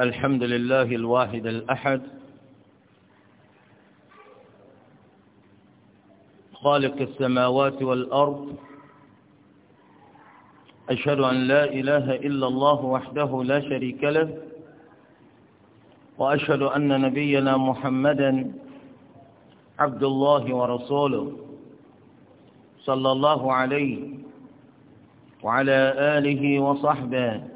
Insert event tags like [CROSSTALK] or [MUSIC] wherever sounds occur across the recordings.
الحمد لله الواحد الأحد خالق السماوات والأرض أشهد أن لا إله إلا الله وحده لا شريك له وأشهد أن نبينا محمدا عبد الله ورسوله صلى الله عليه وعلى آله وصحبه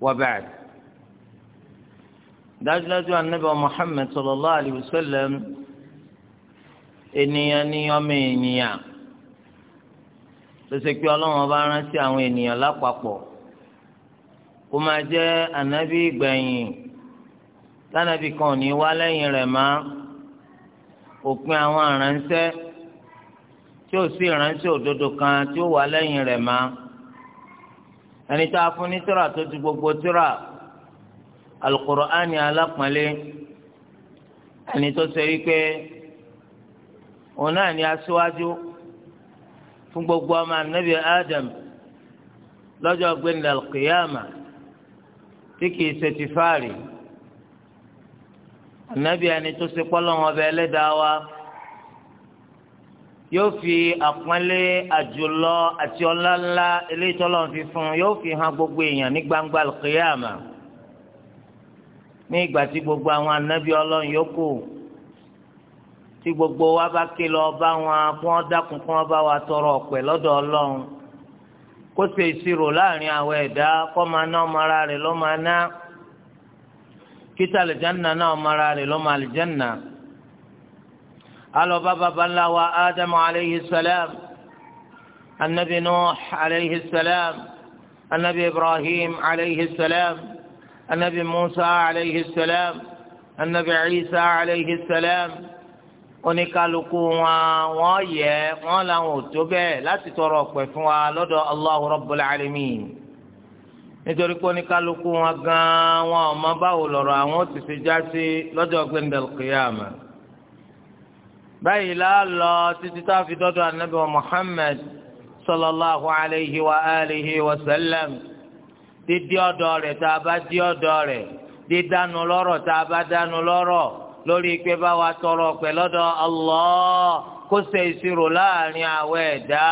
وبعد dájúdájú anabi muhammed sallallahu alayhi wa sallam ènìyàn ní ọmọ ènìyàn lọsẹ pé ọlọ́run ọba rántí àwọn ènìyàn lápapọ̀ kó máa jẹ́ anabi gbẹ̀yìn tánàbì kan ò ní wá lẹ́yìn rẹ̀ má òpin àwọn aránṣẹ́ tí ó sì ránṣẹ́ òdodo kan tí ó wà lẹ́yìn rẹ̀ má ẹni tá a fún ní tíra tó ti gbogbo tíra alukur'ani alápọ̀nlé ẹni tó ṣe wípé òun náà ni aṣíwájú fún gbogbo ọmọ anabi adam lọ́jọ́ gbẹ̀ndẹ̀ alqiyama tí kìí ṣe ti fáàrí anabi ẹni tó ṣe pọ́lọ́wọ́n ọba ẹlẹ́dàá wa yóò fi àpọ́nlé àjùlọ àti ọláńlá eléyìí tọ́lọ́run fi fún un yóò fi hàn gbogbo èèyàn ní gbangba kìyàmà ní ìgbà tí gbogbo àwọn anábì ọlọ́run yòókù tí gbogbo wa bá ké lọ bá wọn kí wọ́n dákun kí wọ́n bá wa tọrọ ọ̀pẹ̀ lọ́dọ̀ ọlọ́run kó ṣe ìṣirò láàrin àwọn ẹ̀dá kó máa ná ọmọ ara rẹ̀ ló máa ná kí tàlẹ̀jánná ná ọmọ ara rẹ̀ ló máa àlìjánná alọba baba ńlá وآدم عليه السلام النبي نوح عليه السلام النبي إبراهيم عليه السلام النبي موسى عليه السلام النبي عيسى عليه السلام salam oníkálukú wọn wọn yẹ wọn làwọn ò tó bẹ́ẹ̀ láti tọrọ ọpẹ́ fún wa lọ́dọ̀ allahu rabbul alamin nítorí pé oníkálukú wọn gan wọn ọmọ báwo lọ́rọ̀ àwọn ò ti fi já sí lọ́jọ́ gbẹndẹlkìyàmà báyìí láàlọ́ títí tá a fi dọ́dọ̀ anabi wa muhammed sallallahu alayhi wa alihi wa sallam dídí ọ̀dọ̀ rẹ̀ tá a bá dí ọ̀dọ̀ rẹ̀ dídánu lọ́rọ̀ tá a bá dánu lọ́rọ̀ lórí pé báwa tọrọ pẹ̀ lọ́dọ̀ kó ṣe ìṣirò láàrin àwọn ẹ̀dá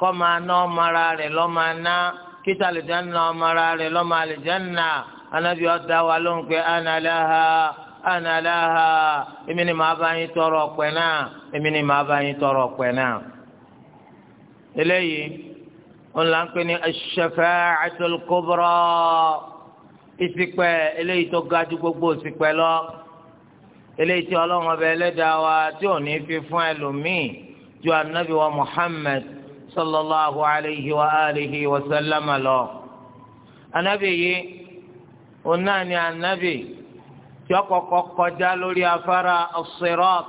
kọ́ máa ná ọmọra rẹ̀ lọ́ máa ná kíta àlìjáná ọmọra rẹ̀ lọ́ máa àlìjáná anábìọ́ dá wa lóhùn pé ánà lẹ́hàá. ana laha èmi ni màá bá tọrọ ọpẹ náà èmi ni màá bá tọrọ ọpẹ náà. eléyìí wọn là ń pè ní ash to kubra ìṣìpẹ̀ eléyìí tó ga jù gbogbo ìṣìpẹ̀ lọ eléyìí tí ọlọ́run ọba ẹlẹ́dàá wa tí ò ní fi fún ẹlòmíì ju anabi wa muhammad sallallahu alayhi wa alihi wa sallam lọ. anabi yìí òun náà ni anabi. yọkọ̀kọ̀ kọjá lórí afárá as-sirat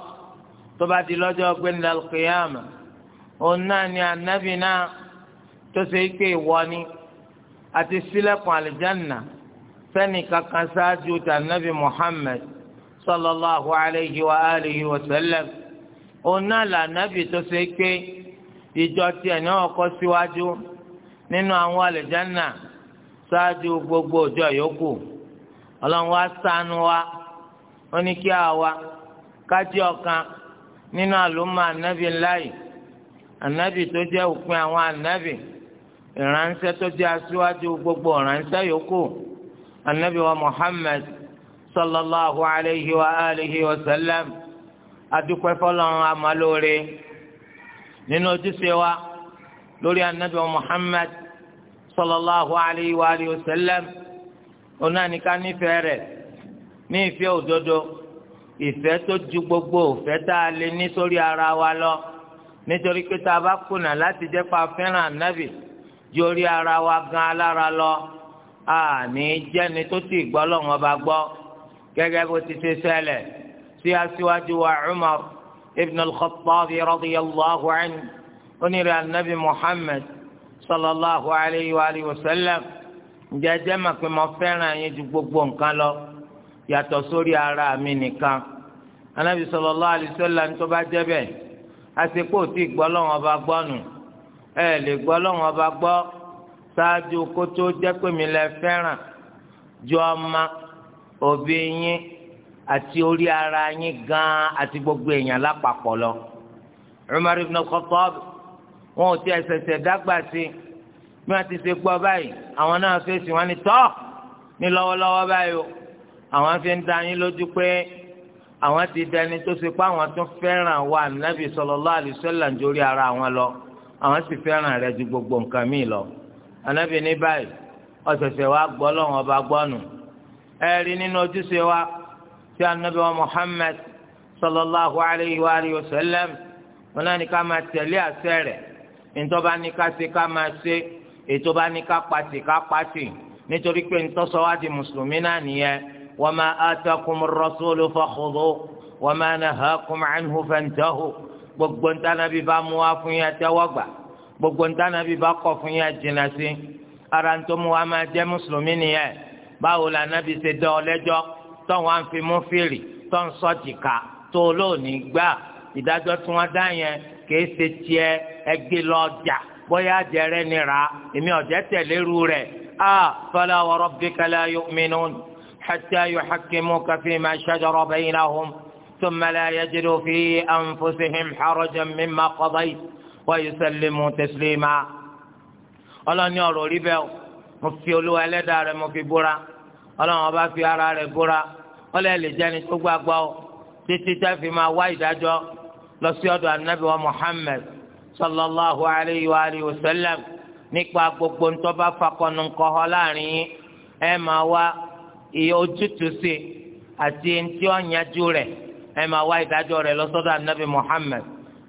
tó bá di lọ́jọ́ gbẹ̀ndà al-qiyama òun náà ni anabi náà tó ṣe ike ìwọ́ni àti ṣílẹ̀kùn àlìjánà fẹ́ni kankan ṣáájú tà nabi muhammed sallallahu alayhi wa alihi wa sallam òun náà là nabi tó ṣe ike ìjọ tiẹ̀ ní ọkọ̀ síwájú nínú àwọn àlìjánà ṣáájú gbogbo ọjọ́ yòókù ọlọ́run wá ṣàánú wa wọ́n ní kí àwa kájí ọ̀kan nínú àlùmọ́ ànábì láì ànábì tó jẹ́ òpin àwọn ànábì ìránṣẹ́ tó jẹ́ aṣíwájú gbogbo ìránṣẹ́ yòókù ànábì wa Muhammad sallallahu alayhi wa alihi wa sallam adúpẹ́ fọlọ́run amalóore nínú ojúṣe wa lórí ànábì wa Muhammad sallallahu alayhi wa alihi wa sallam onáníkà nífẹ̀ẹ́ rẹ̀ ní ìfẹ́ òdodo ìfẹ́ tó ju gbogbo ìfẹ́ tá a lè ní sórí ara wa lọ nítorí pé tá a bá kùnà láti jẹ́ pa fẹ́ràn ànábì ju orí ara wa gan alára lọ àní jẹ́ni tó ti gbọ́ lọ́wọ́n bá gbọ́ gẹ́gẹ́ bó ti ṣe ṣẹlẹ̀ sí aṣíwájú wa Umar ibn al-Khattab radiyallahu anhu onírè ànábì Muhammad sallallahu alayhi wa sallam ǹjẹ́ jẹ́ màpé mo fẹ́ràn yín ju gbogbo nǹkan lọ yàtọ̀ sórí ara mi nìkan anabi sallallahu alaihi wasallam ní tó bá jẹ́ bẹ́ẹ̀ àsìkò tí gbọ́ lọ́wọ́ bá gbọ́ nù ẹ lè gbọ́ lọ́wọ́ bá gbọ́ ṣáájú kó tó jẹ́ pé mi lẹ fẹ́ràn ju ọmọ òbí yín àti orí ara yín gan àti gbogbo èèyàn lápapọ̀ lọ Umar ibn Khattab wọn ò tiẹ̀ ṣẹ̀ṣẹ̀ dágbà sí bí wọ́n ti ṣe gbọ́ báyìí àwọn náà fèsì wọn ni tọ́ ní lọ́wọ́lọ́wọ́ báyìí o àwọn fi ń dá yín lójú pé àwọn ti dẹni tó ṣe pé àwọn tún fẹ́ràn wa ànábì sallallahu alaihi wasallam nítorí ara àwọn lọ àwọn sì fẹ́ràn rẹ̀ ju gbogbo nǹkan míì lọ ànábì ní báyìí ọ̀sẹ̀sẹ̀ wa gbọ́ lọ́wọ́n ọba gbọ́nù ẹ rí nínú ojúṣe wa tí ànábì wa Muhammad sallallahu alaihi wa alihi wasallam wọn náà ní ká máa tẹ̀lé àṣẹ rẹ̀ ìtọ́ba ní ká ṣe ká máa ṣe ètò bá ní ká pàṣẹ ká pàṣẹ nítorí pé ntọ́sọ di mùsùlùmí náà nìyẹn وما آتاكم الرسول فخذوه وما نهاكم عنه فانتهوا gbogbo ń tán nàbí bá mú wá fún yín tẹ́wọ́ gbà gbogbo ń tán nàbí bá kọ̀ fún yín jìnnà sí ara ń tó mú wá máa jẹ́ mùsùlùmí nìyẹn báwo la nàbí ṣe dán ọ lẹ́jọ́ tó wọ́n á fi mú fèrè tó ń sọ jìkà tó lónìí gbà ìdájọ́ tí wọ́n dá yẹn kìí ṣe tiẹ̀ ẹgbẹ́ lọ́jà bóyá àjẹrẹ́ ni èmi ọ̀jẹ̀ tẹ̀lé ru rẹ̀ a ah, fala wa rabbika la yu'minun حتى يحكموك فيما شجر بينهم ثم لا يجدوا في أنفسهم حرجا مما قضيت ويسلموا تسليما ọlọ́ni ọ̀rọ̀ rí bẹ́ẹ̀ mo fi olúwa ẹlẹ́dàá rẹ mo fi búra ọlọ́run ọba fi ara rẹ búra ọlọ́ọ̀ lè jẹ́ni tó gbàgbọ́ ọ títí tá fi máa wá ìdájọ́ lọ sí ọ̀dọ̀ anábì wa muhammed sallallahu alayhi wa alayhi wa sallam nípa gbogbo ntọ́ba fakọ̀nù ńkọ́họ́ láàrin yín ẹ máa wá ìyẹ ojútùú sí àti ntí ọ̀nyájú rẹ̀ ẹ máa wá ìdájọ́ rẹ̀ lọ́sọ́dọ̀ anabi muhammed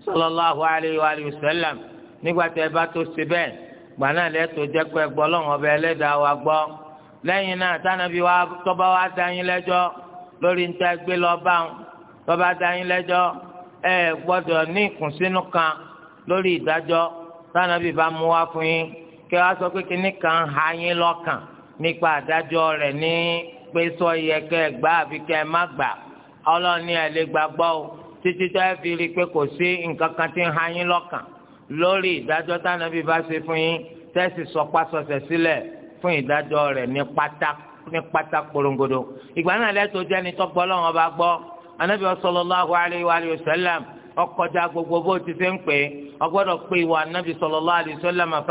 sallallahu alayhi wa sallam nígbà tí ẹ bá tó ṣe bẹ́ẹ̀ gbà náà lẹ́tọ̀ọ́ jẹ́ pé gbọ́ lọ́wọ́ ọba ẹlẹ́dàá wa gbọ́ lẹ́yìn náà tánàbí wa tọ́ba wa dá yín lẹ́jọ́ lórí ntẹ́ gbé lọ bá ń tọ́ba dá yín lẹ́jọ́ ẹ gbọ́dọ̀ ní ìkùnsínú kan lórí ìdájọ́ tánàbí bá mú wa fún yín kí wọ́n sọ pé kíní kan ha yín lọ́kàn nípa àdájọ́ rẹ̀ ní pé sọ yẹ kẹ́ ẹ gbà àbí kẹ́ ẹ má gbà ọlọ́ọ̀ni ẹ̀ lè gbàgbọ́ o títí tó ẹ fi rí i pé kò sí nǹkan kan tí ń ha yín lọ́kàn lórí ìdájọ́ tánàbí bá ṣe fún yín tẹ́sí sọpasọsẹ̀ sílẹ̀ fún ìdájọ́ rẹ̀ ní pátá ní pátá korongodo ìgbà náà lẹ́tọ́ jẹ́ ni tọ́gbọ́ lọ́wọ́ bá gbọ́ anábì sallallahu alayhi wa sallam ọkọjá gbogbo bó ti ṣe ń pè é ọgbọ́dọ̀ pé ìwà anábì sallallahu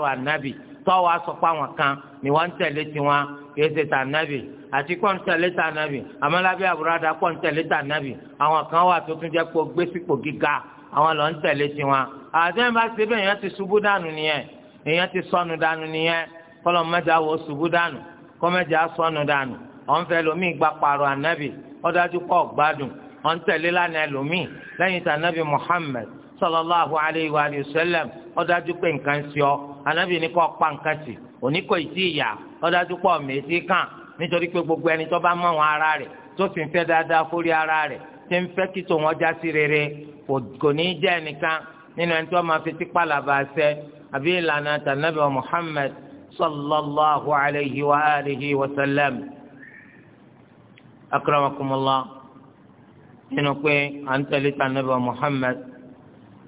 alayhi tọ́wọ́ asọ̀pọ̀ àwọn kan ni wọ́n ń tẹ̀lé tiwọn kìí ṣe tànàbì àti kọ́ ń tẹ̀lé tànàbì amálábẹ́ àbúradà kọ́ ń tẹ̀lé tànàbì àwọn kan wà tó tún jẹ́ pé gbé sípò gíga àwọn lọ ń tẹ̀lé tiwọn. àdéhùn bá ṣe bẹ́ẹ̀ èèyàn ti ṣubú dànù nìyẹn èèyàn ti sọnù dànù nìyẹn kọ́lọ̀ mẹ́jà wò ṣubú dànù kọ́mẹ́jà sọnù dànù ọ̀n fẹ́ lomi gba pààrọ̀ ànábì ọ̀dájú kọ́ gbádùn ọ̀n Muhammad sallallahu alayhi wa ó dájú pé nǹkan sí ọ anábì ní kó pa nǹkan sí òní kò tí ì kàn nítorí pé gbogbo ẹni tó bá mọ àwọn ara rẹ̀ tó sì ń fẹ́ dáadáa fórí ara rẹ̀ tí ń fẹ́ kí tòun ọjà sí rere kò ní jẹ́ wa alihi wa sallam nínú pé à ń tẹ̀lé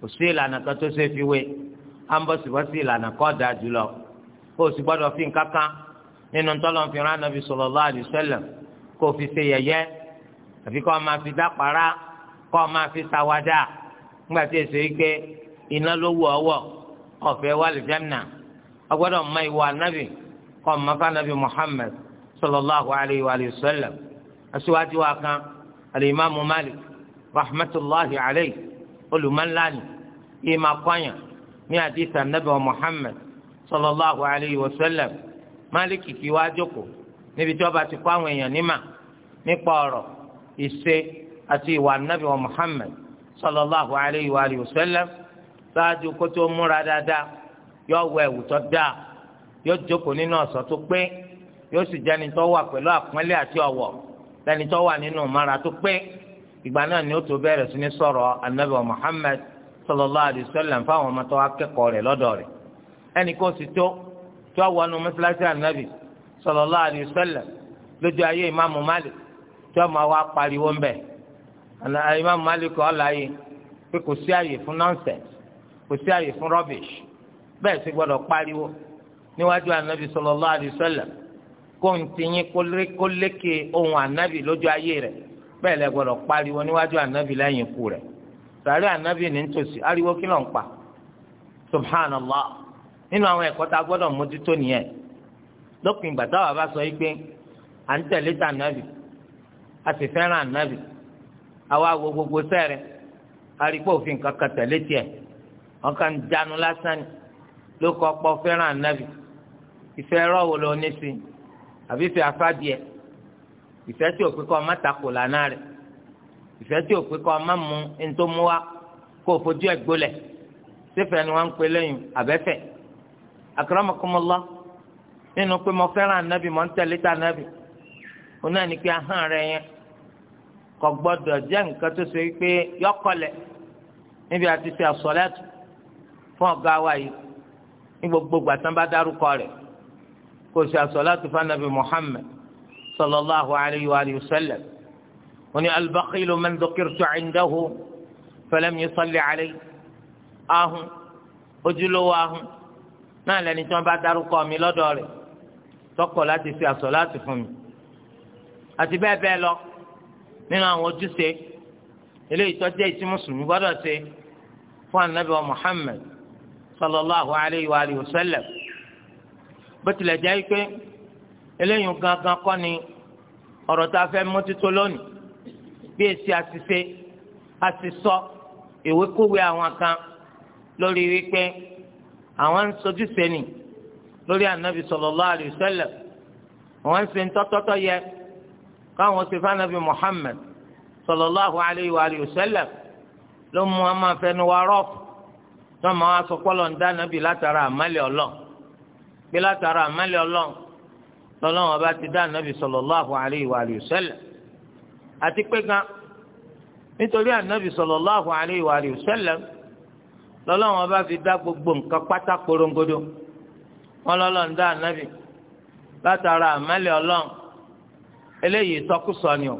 kò sí ìlànà kan tó ṣe fi wé à ń bọ̀ síbọ̀ sí ìlànà kọ́ da jùlọ kó o sì gbọ́dọ̀ fi nínú fi rán anabi alaihi kó o fi ṣe àfi máa fi dápàrá kó o máa fi ṣàwádà ńgbà tí èso yìí pé iná ló ọwọ́ ọ̀fẹ́ wà lìjẹ́mìnà ọgbọ́dọ̀ mọ anabi Muhammad aṣíwájú wa kan alimami Malik rahmatulahi alayhi. olùmọ̀láni ìmọ̀ akọ́yàn ní àdìsá nàbẹ̀ wa Muhammad sallallahu alayhi wa sallam máàlìkì kí wá jókòó níbi tí wọ́n bá ti kọ́ àwọn èèyàn nímà nípa ọ̀rọ̀ ìṣe àti ìwà nàbẹ̀ wa Muhammad sallallahu alayhi wa sallam ṣáájú kó tó múra dáadáa yóò wọ ẹ̀wù dáa yóò jókòó nínú ọ̀ṣọ́ tó pé yóò sì jẹ́ni tó wà pẹ̀lú àpọ́nlé àti ọ̀wọ̀ lẹ́ni tó wà nínú ìmọ̀ra tó pé ìgbà náà ni ó tó bẹ̀rẹ̀ sí ní sọ̀rọ̀ anabi muhammed sallallahu alayhi wa sallam fáwọn ọmọ tó wá kẹ́kọ̀ọ́ rẹ̀ lọ́dọ̀ rẹ̀ ẹnì kan sì tó tó wọnú mọ́sálásí anabi sallallahu alayhi wa sallam lójú ayé ìmáàmù malik tó máa wá pariwo ńbẹ ìmáàmù malik kọ́ láàyè pé kò sí àyè fún nonsense kò sí àyè fún rubbish bẹ́ẹ̀ sì gbọ́dọ̀ pariwo níwájú anabi sallallahu alayhi wa sallam kó ń tiyín kó lékè ohun anabi lójú ayé rẹ̀ bẹ́ẹ̀ lẹ gbọ́dọ̀ pariwo níwájú ànábì lẹ́yìn ikú rẹ̀ sàrí ànábì ní ntòsí, ariwo kí ló ń pa subhanallah nínú àwọn ẹ̀kọ́ tá a gbọ́dọ̀ mójútó nìyẹn lópin ìgbà táwa bá sọ pé à ń tẹ̀lé tà ànábì a sì fẹ́ràn ànábì àwa wo gbogbo sẹ́rẹ̀ arípò òfin kankan tẹ̀lé tiẹ̀ wọn kàn ń dànù lásán ni ló kọ́ fẹ́ràn ànábì ìfẹ́ rọ̀ wò ló ní sí àbí fẹ́ afádìẹ ìfẹ́ tí ò pé kọ́ ọ má takò lànà rẹ̀ ìfẹ́ tí ò pé kọ́ ọ má mu ntòmú wa kó o fojú ẹ̀ gbólẹ̀ sífẹ̀ ni wọ́n ń pè lẹ́yìn àbẹ́fẹ̀ akramakumullah nínú pé mo fẹ́ràn anabi mo ń tẹ̀lé tá anabi òun náà ní pé ahọ́n rẹ̀ yẹn kò gbọ́dọ̀ jẹ́ nǹkan tó ṣe pé yọkọlẹ̀ níbi àti ṣe àsọ̀lẹ́tù fún ọ̀gá wa yìí ní gbogbo gbàtàn bá dárúkọ rẹ̀ kò ṣe àsọ̀lẹ́tù fún anabi Muhammad sallallahu alayhi wa sallam wọ́n ní albaqilu man dhukirtu indahu falam yusalli alayhi ahun ojúlówó ahun náà lẹni tí wọ́n bá dárúkọ mi lọ́dọ̀ rẹ̀ tọkọ láti fi àsọ láti fún mi àti bẹ́ẹ̀ bẹ́ẹ̀ lọ nínú àwọn ojúṣe eléyìí tó jẹ́ ìtí mùsùlùmí gbọ́dọ̀ ṣe fún anabi wa muhammed sallallahu alayhi wa sallam bó tilẹ̀ jẹ́ pé eléyìí gangan kọ́ ni ọ̀rọ̀ tá a fẹ́ mójútó lónìí bí èsì àṣìṣe àṣìṣọ ìwékúwé àwọn kan lórí wípé àwọn ń sojúṣe nì lórí ànábì sallallahu alaihi wasallam àwọn ń ṣe tọ́tọ́tọ́ yẹ káwọn ṣe fánábì Muhammad sallallahu alaihi wa alihi wasallam ló mú wọn máa fẹnu wa rọ́ọ̀fù tó máa wá sọ pọ́lọ̀ ń dá ànábì látara àmàlẹ́ ọlọ́ọ̀ gbé látara àmàlẹ́ ọlọ́ọ̀ lọ́lọ́wọ́n bá ti dá ànábì sallallahu alayhi wa alihi wa sallam àti pé gan nítorí ànábì sallallahu alayhi wa alihi wa sallam lọ́lọ́wọ́n bá fi dá gbogbo nǹkan pátá korongodo wọn lọ́lọ́run dá ànábì látara àmàlẹ́ ọlọ́run eléyìí sọkúsọ ni o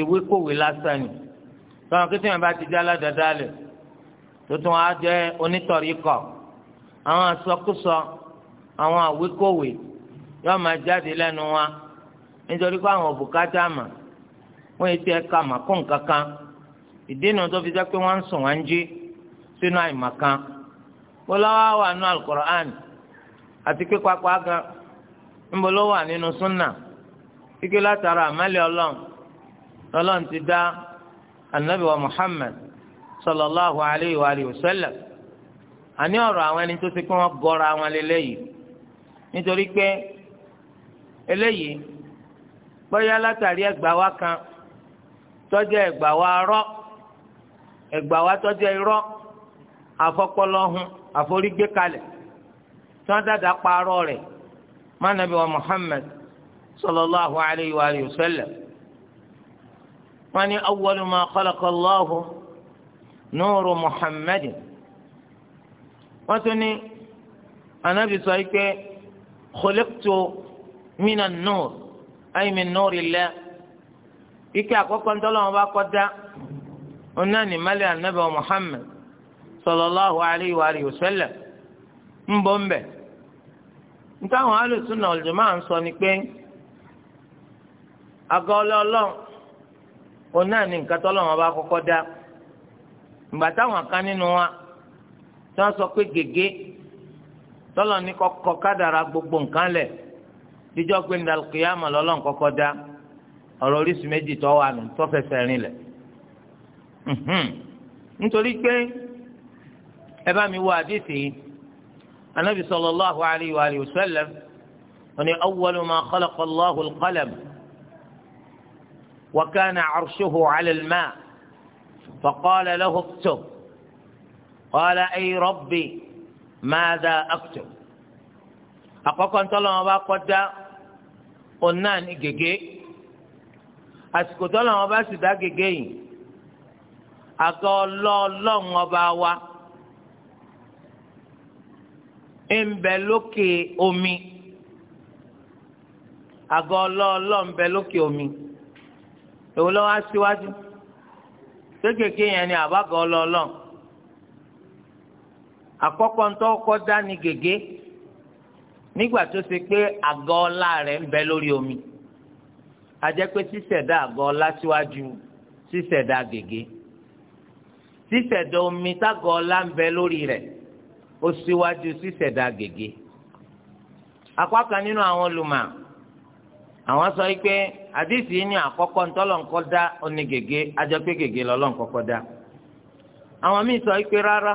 ìwé kòwé lásán ni tọ́wọ́n kí tíyẹn bá ti dá aládàáda lẹ̀ tuntun á jẹ́ onítọ̀rí àwọn àsọkúsọ àwọn àwíkòwé yóò ma jáde lẹ́nu wa nítorí ọbụ àwọn òbúkátà mà ka mà kó nǹkan kan ìdínà tó fi jẹ́ pé wọ́n ń sùn wọ́n ń jí sínú àìmọ̀kan ó lọ́wọ́ wà nínú alukur'an àti pé gan níbo wà nínú súnà kíkí látara ti dá anabi wa eléyìí bóyá látàrí ẹgbàá wa kan tọ́jú ẹgbàá wa rọ́ ẹgbàá wa tọ́jú irọ́ afọpọlọhun àforígbé kalẹ̀ tí wọ́n dàda parọ́ rẹ̀ mánàbí wa Muhammad sallallahu alayhi wa sallam wọ́n ní awwalu ma khalaqa Allahu nuru wọ́n tún ní anabi sọ yìí pé khuliqtu. mina nur ayi min ike àkọ́kọ́ ntọlọmọ bá kọdá onani mali anabi muhammed sallallahu alayhi wa alihi wa sallam ń bọ̀ ń bẹ̀ ntáwọn alùsùn ni kan n'inu wa tí wọ́n sọ pé gègé tọ́lọ́ ní gbogbo díjọ́ pé ní alùkìyàmà lọ́lọ́run kọ́kọ́ dá ọ̀rọ̀ oríṣi méjì tó wà nù tó fẹsẹ̀ rìn lẹ̀ nítorí pé ẹ bá mi wá àdìsí anábì sallallahu alayhi wa alihi wa sallam ó ní awwalu ma khalaqa Allahu al-qalam wa kana arshuhu ala al-ma' faqala lahu iktub qala ay rabbi àkọ́kọ́ ntọ́lọ́wọ́n bá kọjá òun náà ní gègé àsìkò tọ́lọ́wọ́n bá sì dá gègé yìí àgọ́ ọlọ́ọ̀lọ́ọ̀n ọba wa ń lókè omi àgọ́ ọlọ́ọ̀lọ́ọ̀n ń lókè omi èwo lọ́wọ́ á síwájú ṣé gègé yẹn ni àbágọ́ ọlọ́ọ̀lọ́ọ̀n àkọ́kọ́ ntọ́ kọjá ní gègé. nígbà tó ṣe pé àgọ́ ọlá rẹ̀ ń bẹ lórí omi a jẹ́ pé ṣíṣẹ̀dá àgọ́ ọlá síwájú ṣíṣẹ̀dá gègé ṣíṣẹ̀dá omi tágọ́ ọlá ń bẹ lórí rẹ̀ ó síwájú ṣíṣẹ̀dá gègé apá kan nínú àwọn olùmọ̀ àwọn sọ pé àdìsí ní àkọ́kọ́ ntọ́lọ́nkọ́ dá oní gègé a jẹ́ pé gègé lọ́lọ́nkọ́kọ́ dá àwọn míì sọ pé rárá.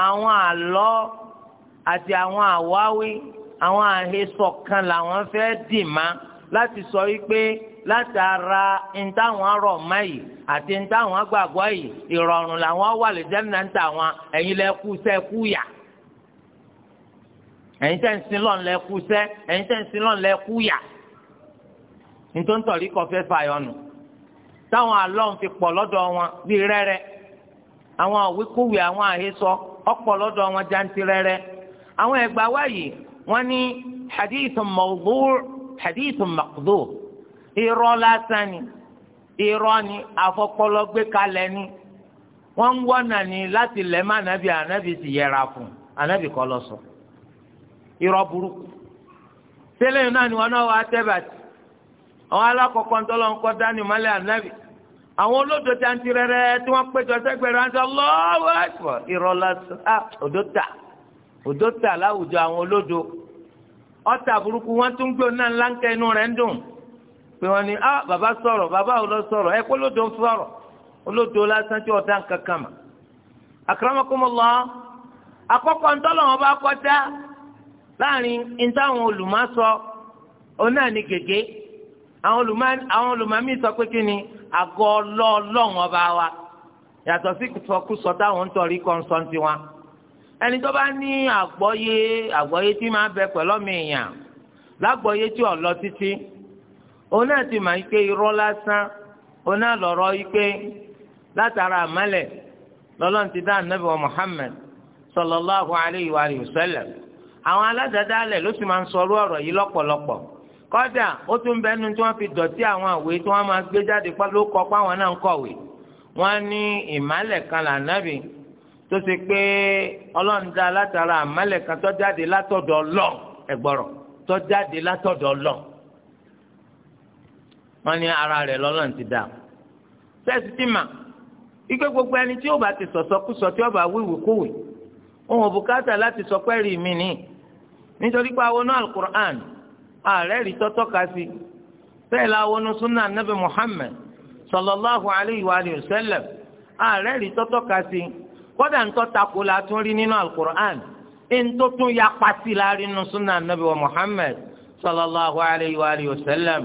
àwọn àlọ́ àti àwọn àwáwí àwọn àhesọ kan làwọn fẹ́ dì má láti sọ wípé látara ntáwọn arọ má yìí àti ntáwọn gbàgbọ́ yìí ìrọ̀rùn làwọn wà lè jẹ́ náà ntáwọn ẹ̀yin lẹ́kú sẹ́kú yà ẹ̀yin tẹ́ ń sin lọ́n lẹ́kú sẹ́ ẹ̀yin tẹ́ ń sin lọ́n lẹ́kú yà nítorí kọ́ fẹ́ fàyọ̀nù táwọn àlọ́ ń fi pọ̀ lọ́dọ̀ wọn bíi rẹ́rẹ́ àwọn àwíkúwì àwọn àhesọ. So ọ̀pọ̀ lọ́dọ̀ wọn jantirẹrẹ àwọn ẹgbàá wáyé wọn ní hadithun mawdu' hadithun maqdu' irọ́ lásán ni irọ́ ni àfọpọlọ gbé kalẹ̀ ni wọ́n ń wọ́nà ni láti lẹ̀ má ànábì ànábì sì yẹra fún ànábì kọ́ lọ burúkú tẹ́lẹ̀ náà ni wọn náà wà á tẹ́ àwọn alákọ̀ọ́kọ́ ń dání mọ́lẹ̀ ànábì. àwọn olódò tí a ń ti tí wọ́n péjọ sẹgbẹrẹ wọn sọ lọwọ ẹfọ ìrọlá sọ òdó tà òdó tà láwùjọ àwọn olódò ọ̀tá burúkú wọn tún gbé oná ńlá ń kẹ inú rẹ ń dùn pé wọn ni ah bàbá sọ̀rọ̀ bàbá ò sọ̀rọ̀ ẹ kó sọ̀rọ̀ lásán tí àgọ́ ọlọ́ọ̀lọ́hún ọba wa yàtọ̀ sí sọkúsọ táwọn ń tọrí kọ́ńsọ́ǹtì wa ẹni tó bá ní àgbọ́yé àgbọ́yé bẹ pẹ̀lú ọmọ èèyàn lágbọ́yé tí ò lọ títí òun ike irọ́ lásán òun ike látara ti dá wa alayhi wa àwọn ló sì máa ń sọ ọ̀rọ̀ kọ́dà ó tún bẹ́ẹ̀ nu tí wọ́n fi dọ̀tí àwọn àwé tí wọ́n máa gbé jáde ló kọ́ páwọn náà ń kọ̀wé wọ́n ní ìmálẹ̀ kan lànàbì tó ṣe pé ọlọ́run dá látara àmálẹ̀ kan tó jáde látọ̀dọ̀ Ọlọ́run ẹ̀gbọ́rọ̀ tó jáde látọ̀dọ̀ Ọlọ́run wọ́n ní ara rẹ̀ lọ́lọ́run ti dá sẹ́ẹ̀sì tí mà ike gbogbo ẹni tí ó bá ti sọ̀sọ́kúsọ tí ó bá wíwì kúwì òun ò láti sọ pẹ́ẹ́rì mi ní nítorí pé àwọn náà ààrẹ rí tọ́tọ́ ka sí bẹ́ẹ̀ la wọnú súnà nabi muhammed sallallahu alayhi wa sallam ààrẹ rí tọ́tọ́ ka sí kọ́dà ńtọ́ takò la tún rí nínú alukur'an ńtọ́ tún ya pàṣẹ la rí nínú súnà nabi muhammed sallallahu alayhi wa sallam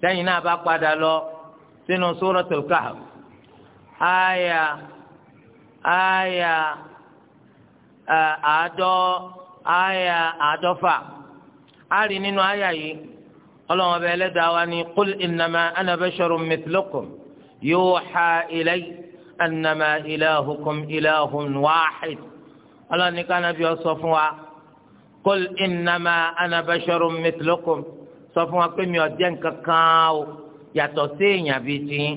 sẹ́yìn náà bá padà lọ sínú suratul kahf aya aya àádọ́ aya àádọ́fà a rí nínú àyà yìí ọlọ́run ọba ẹlẹ́dàá wa ni qul innama ana basharun mithlukum yuha ilay annama ilahukum ilahun wahid ọlọ́run ní kánábì ọ sọ fún wa qul innama ana basharun mithlukum sọ fún wa pé mi ò jẹ́ nǹkan kan o yàtọ̀ sí èèyàn tiyín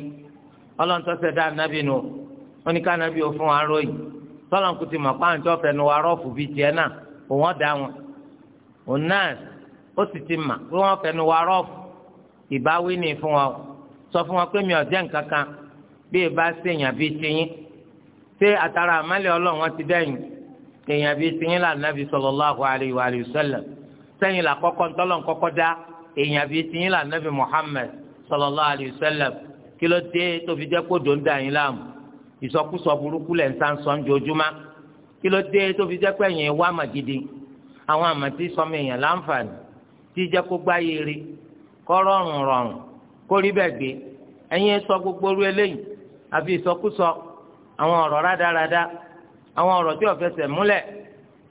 ọlọ́run tó ṣẹ̀dá ànábì nù wọn ní kánábì ò fún wa ròyìn tọ́lọ́n kùtì mọ̀ pàǹtí ó sì ti mà pé wọ́n fẹnu wa rọ́ọ̀fù ìbáwí ni fún wa sọ fún wa pé mi ò jẹ́ nǹkan kan bí ẹ bá ṣèyàn bíi tiyín ṣé àtàrà àmàlẹ́ ọlọ́run ti dẹ́yìn èèyàn bíi tiyín là nàbì sallallahu alayhi wa sallam sẹ́yìn là kọ́kọ́ ntọ́lọ́n kọ́kọ́ dá èèyàn bíi tiyín là nàbì Muhammad sallallahu alayhi wa sallam kí ló dé tó fi jẹ́ kó dò ń dà yín láàmú ìsọkúsọ burúkú lẹ̀ ń sá ń sọ ń kí ló dé tó fi jẹ́ pé wá màgídí àwọn àmàtí sọmọ èèyàn láǹfààní jíjẹ́ kó gbáyé rí kọ́ rọrùn rọrùn kó rí bẹ́ẹ̀ gbé ẹ̀yin sọ gbogbo orú eléyìí àfi ìsọkúsọ àwọn ọ̀rọ̀ rádaràda àwọn ọ̀rọ̀ tí múlẹ̀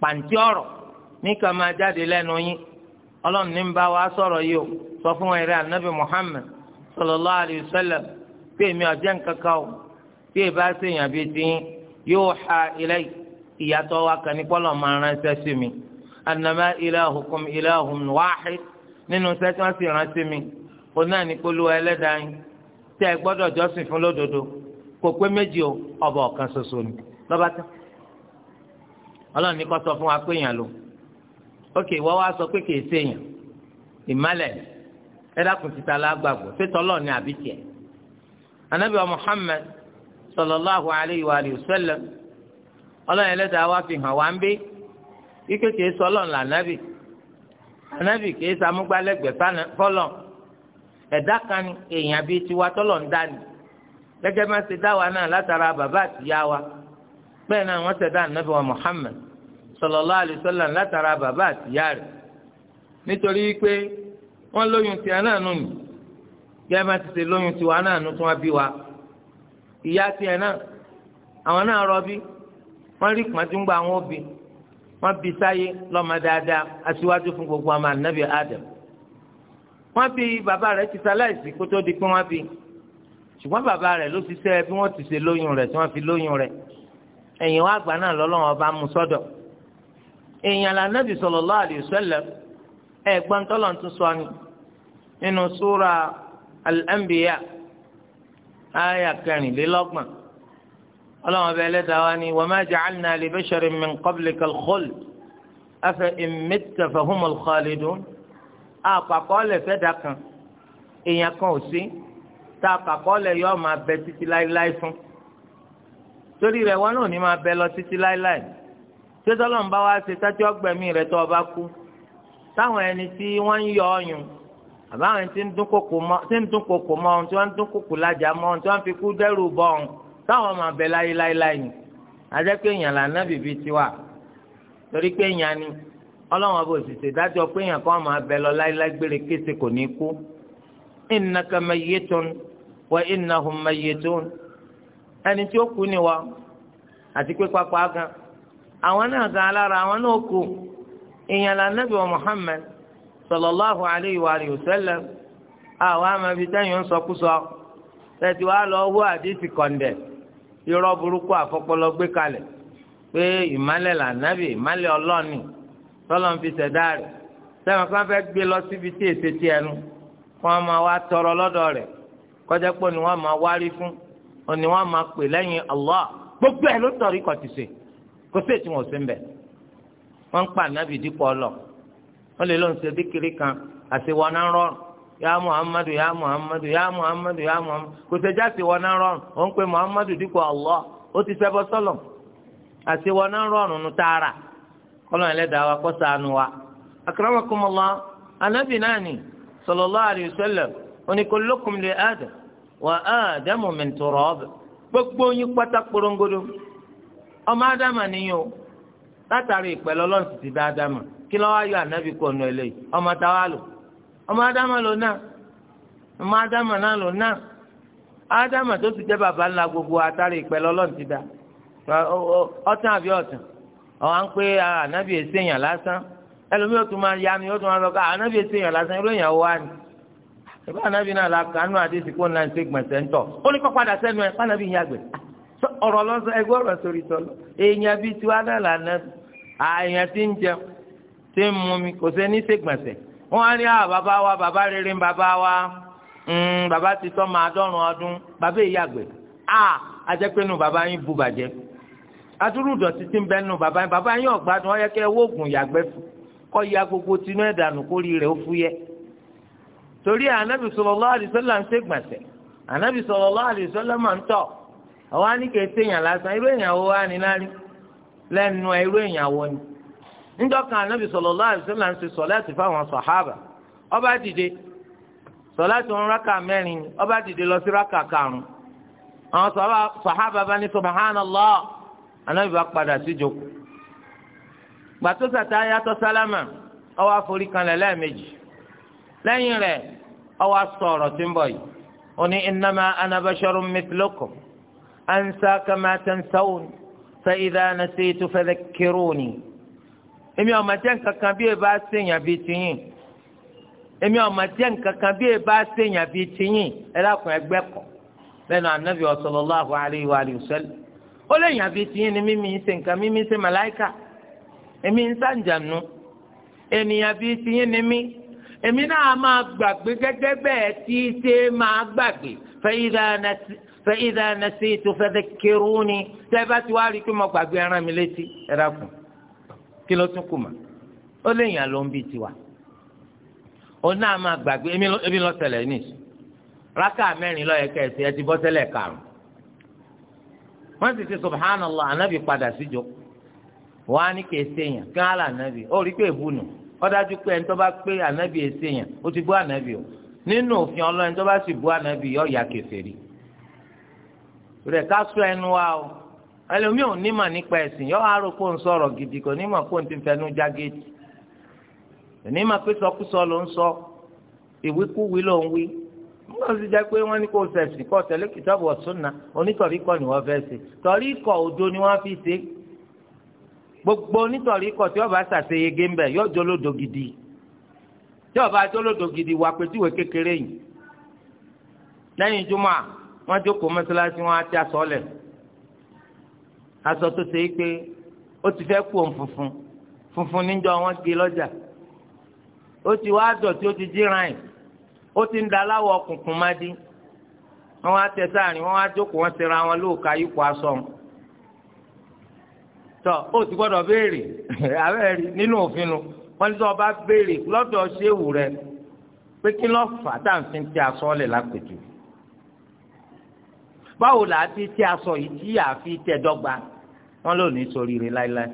pàǹtí ọ̀rọ̀ máa jáde lẹ́nu yín ọlọ́run ní ń bá wa sọ̀rọ̀ yìí o sọ fún ẹ̀rẹ́ anabi muhammed sallallahu wa èmi o èbá ha ìyàtọ̀ wa pọ́lọ̀ anama ilahukum ilahun wahid nínú sẹ́tí wọ́n sì rántí mi òun náà ní polówó ẹlẹ́dàá yín tí ẹ gbọ́dọ̀ jọ́sìn fún lódodo kò pé méjì o ni tán ní sọ fún wa pé èèyàn ló ókè wọ́n wá sọ pé kìí séèyàn ìmálẹ̀ ẹ wa ń bí. kíkẹ kìí sọ Ọlọ́run Anabi nábì kìí sọ ẹ̀dá kan tiwa tọlọ ń dá gẹ́gẹ́ bá ṣe wa náà látara bàbá àtìyá wa bẹ́ẹ̀ náà wọ́n ṣẹ̀dá ànábì wa Muhammad sallallahu alaihi látara bàbá àtìyá rẹ̀ nítorí wọ́n lóyún tiwa náà nù ní ṣe lóyún tiwa náà nù tí wa ìyá tiẹ̀ náà àwọn náà rọbí wọ́n rí pàtó ń gba wọ́n bí sáyé lọ́mọ dáadáa aṣíwájú fún gbogbo ọmọ ànábì Adam wọ́n bi bàbá rẹ̀ ti ṣaláìsí kó di pé wọ́n bi. ṣùgbọ́n bàbá rẹ̀ ló ṣiṣẹ́ bí wọ́n ti ṣe lóyún rẹ̀ tí wọ́n fi lóyún rẹ̀ ẹ̀yìn wá gbà náà lọ́lọ́wọ́n bá mú sọ́dọ̀ èèyàn lànàbì sallallahu alayhi wa sallam ẹ̀gbọ́n tọ́lọ̀ tún sọ ni nínú súra al-Anbiya àyà kẹrìnlélọ́gbọ̀n ọlọ́run ọba ẹlẹ́dàá wa ni wa ma ja'alna li basharin min qablika al-khuld afa in mitta fahum al-khalidun àpapọ̀ lẹ̀ fẹ́ da kan èèyàn kan ò sí tá àpapọ̀ lẹ̀ yọ máa bẹ títí láéláé fún torí rẹ̀ wọn náà ní máa bẹ lọ títí láéláé tí tọ́lọ́mùbá wa ṣe tátí ọgbẹ̀mí rẹ̀ tó ọba kú táwọn ẹni tí wọ́n ń yọ ọyùn àbáwọn ẹni tí ń dún kòkò mọ́ ohun tí wọ́n ń dún kòkò lájà mọ́ ohun tí wọ́n fi kú dẹ́rù bọ́ ọ̀hún. táwọn máa bẹ láyé láéláé ni ajẹ́ pé èèyàn là tiwa torí pé èèyàn ni ọlọ́wọ́n bò sì ṣèdájọ́ pé èèyàn kan máa bẹ lọ láéláé gbére kése kò ní kú ẹni tí ó kú ni wa àti pé pápá gan àwọn náà gan alára àwọn náà kú èèyàn alayhi wa àwọn ń sọkúsọ irọ́ burúkú àfọpọlọ gbé kalẹ̀ pé ìmálẹ̀ lànàbì ìmálẹ̀ ọlọ́ọ̀ni tọ́lọ́ ń fi ṣẹ̀dá rẹ̀ sẹ́wọ̀n kan fẹ́ gbé lọ síbi tí ti ẹnu kọ́ máa wa tọrọ lọ́dọ̀ rẹ̀ kọjá pé ni wọn máa wárí fún ni wọ́n máa pè lẹ́yìn Allah gbogbo ẹ̀ ló kọ̀ ti ṣe ọlọ wọ́n lè kan náà ya muhammadu ya muhammadu ya muhammadu ya muhammadu kò sẹjá sí wọn náà rọrùn ó ń pe muhammadu dípò ó ti sọlọ àti wọn náà rọrùn nu tààrà kọlọ ẹlẹdàá wa kọ sànù wa. akramakumullah anabi náà ni wa sallam oni kullukum li adam wa gbogbo yín pátá ọmọ o látàrí ìpẹlẹ Ọlọ́run ti dá adama kí wá yọ anabi kọ ọmọ ádámà ló náà ọmọ náà tó ti bàbá ńlá gbogbo àtàrí ìpẹ́ lọ́lọ́run ti da ọtún àbí ọtún àwọn à ń pé èsì lásán ẹlòmíràn tó máa yanu yóò tó máa sọ ká èsì lásán irú èèyàn wá ni ìbá anabi náà kanu àdéhùn kó náà ṣe gbọ̀nsẹ̀ ń tọ̀ ó ní kó padà sẹ́nu ẹ̀ ọ̀rọ̀ lọ́sọ ẹgbẹ́ ọ̀rọ̀ sórí tọ́lọ́ èèyàn bíi tiwa náà là àyàn ti ń jẹun wọ́n á ní à ah, bàbá wa bàbá rere ń bàbá wa hmm, bàbá ti tọ́ máa dọ́rùn ọdún bàbá èyí àgbẹ̀ à ah, ajẹ́pẹ́nu bàbá yín bu bàjẹ́ adúrú dọ̀tí ti ń bẹ́ nu bàbá yín bàbá yín ọ̀gbádùn ọ̀yẹ́kẹ́ wóògùn yàgbẹ́ kọ́ ya gbogbo tinú ẹ̀dànù kórìí rẹ̀ ó fúyẹ́ torí ànábì sallallahu alaihi wasallam ń ṣègbọ̀nsẹ̀ ànábì sallallahu alaihi wasallam máa ń tọ̀ àwọn ní kẹ́ ṣèyàn lásán irú èèyàn wo wá ní lárí lẹ́nu irú èèyàn wo ni níjọ́ kan anabi sallallahu alaihi wasallam ń ṣe sọ̀láàtì fáwọn sàhábà ó bá dìde sọ̀láàtì wọn rákà mẹ́rin ni ó bá dìde lọ sí rákà karùn-ún àwọn sàhábà bá ní subhanallah anabi bá padà sí jókòó gbàtó sàtà yàtọ̀ sálámà ó wá forí kanlẹ̀ lẹ́ẹ̀mejì lẹ́yìn rẹ̀ ó wá tí ń bọ̀ yìí ó ní innama ana basharun mithlukum ansa kama tansawun fa idha nasitu fadhakkiruni èmi ọmọ jẹ́ nǹkan kan bí eba ṣèyàn bíi tiyín èmi ọmọ jẹ́ nǹkan kan bí eba ṣèyàn bíi tiyín ẹ dákun ẹgbẹ́ kọ lẹ́nu anabi sallallahu alayhi wa ó lè yàn bíi tiyín ni mímí ṣe nǹkan mímí ṣe màláìkà èmi ń sàǹjànú ènìyàn bíi tiyín ni mí èmi náà máa gbàgbé gẹ́gẹ́ bẹ́ẹ̀ tí ṣe máa gbàgbé fa idha nasitu fadhakkiruni tẹ́ bá ti wá rí i pé mo gbàgbé ara mi létí ẹ dákun. kí ló tún kù mà ó léèyàn ló ń bí tiwa ó náà máa gbàgbé ebi lọ ṣẹlẹ̀ ní rákà mẹ́rin lọ yẹ kẹsì ẹ ti bọ́ ṣẹlẹ̀ karùn wọ́n sì ti subhanallah anabi padà síjọ wọ́n á ní kí ẹsẹ yẹn kí wọ́n á là anabi ó rí pé èbú nù ó dájú pé ẹni tó bá pé anabi yẹn ó ti bú anabi o nínú òfin ọlọ́run tó bá sì bú anabi yọ ya kẹsẹ̀ rí rẹ̀ ká sọ ẹnu wa o. ẹlòmíì ò ní mà nípa ẹ̀sìn yọ àárò kó ń sọ̀rọ̀ gidi kò ní mà kó ń ti fẹnu já géètì òní mà pé sọkúsọ ló ń sọ ìwíkúwí ló ń wí wọ́n ti jẹ́ pé wọ́n ní kó sẹ̀sìn kọ́ tẹ̀lé kìtàbù ọ̀túnna onítọ̀rí ni wọ́n fẹ́ ṣe tọ̀rí kọ́ òdo ni wọ́n fi ṣe gbogbo onítọ̀rí kọ́ tí ọba ṣàṣeyege ń bẹ̀ yóò jólódo gidi tí ọba jólódo gidi wà pẹ̀tùwé kékeré yìí lẹ́yìn jùmọ̀ wọ́n jókòó mọ́ṣáláṣí wọn á ti aṣọ lẹ̀ aṣọ tó ṣe é pé ó ti fẹ́ kú òun funfun funfun níjọ wọn gé lọ́jà ó ti wá dọ̀tí ó ti jíran ẹ̀ ó ti ń da aláwọ̀ ọkùnkùn má dín wọn wá tẹ sáàrin wọn wá jókòó wọn ṣera wọn lóòka yípo aṣọ wọn tọ ó ti gbọ́dọ̀ béèrè [LAUGHS] abẹ́rẹ́ nínú òfin nu wọn ní sọ ọba béèrè lọ́dọ̀ ṣéwù rẹ pé kí lọ́ọ́ fà tá à ń fi ti aṣọ ọ̀lẹ̀ lápẹ̀jù báwo là á ti tẹ aṣọ yìí tí a fi tẹ dọ́gba wọn ló ní sọ rire láéláé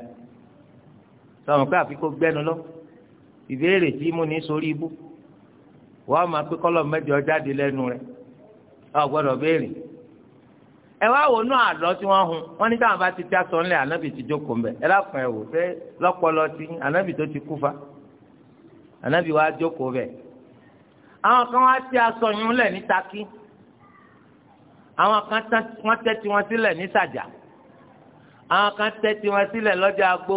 sọmọ pé àfi kó gbẹnu lọ ìbéèrè tí mo ní sórí ibú wọn máa pé kọlọ mẹ́jọ jáde lẹ́nu rẹ̀ ọ gbọ́dọ̀ béèrè ẹ wá wò náà àlọ tí wọn hun wọn ní táwọn bá ti tẹ aṣọ ńlẹ̀ ànábì ti jókòó mbẹ ẹ lákùn ẹ wò ṣé lọpọlọ tí ànábì tó ti kú fa ànábì wa jókòó bẹ àwọn kan wá tẹ aṣọ yún lẹ ní takí àwọn kan wọ́n tẹ́ tiwọn sílẹ̀ ní sàjà àwọn kan tẹ́ tiwọn sílẹ̀ lọ́jà agbó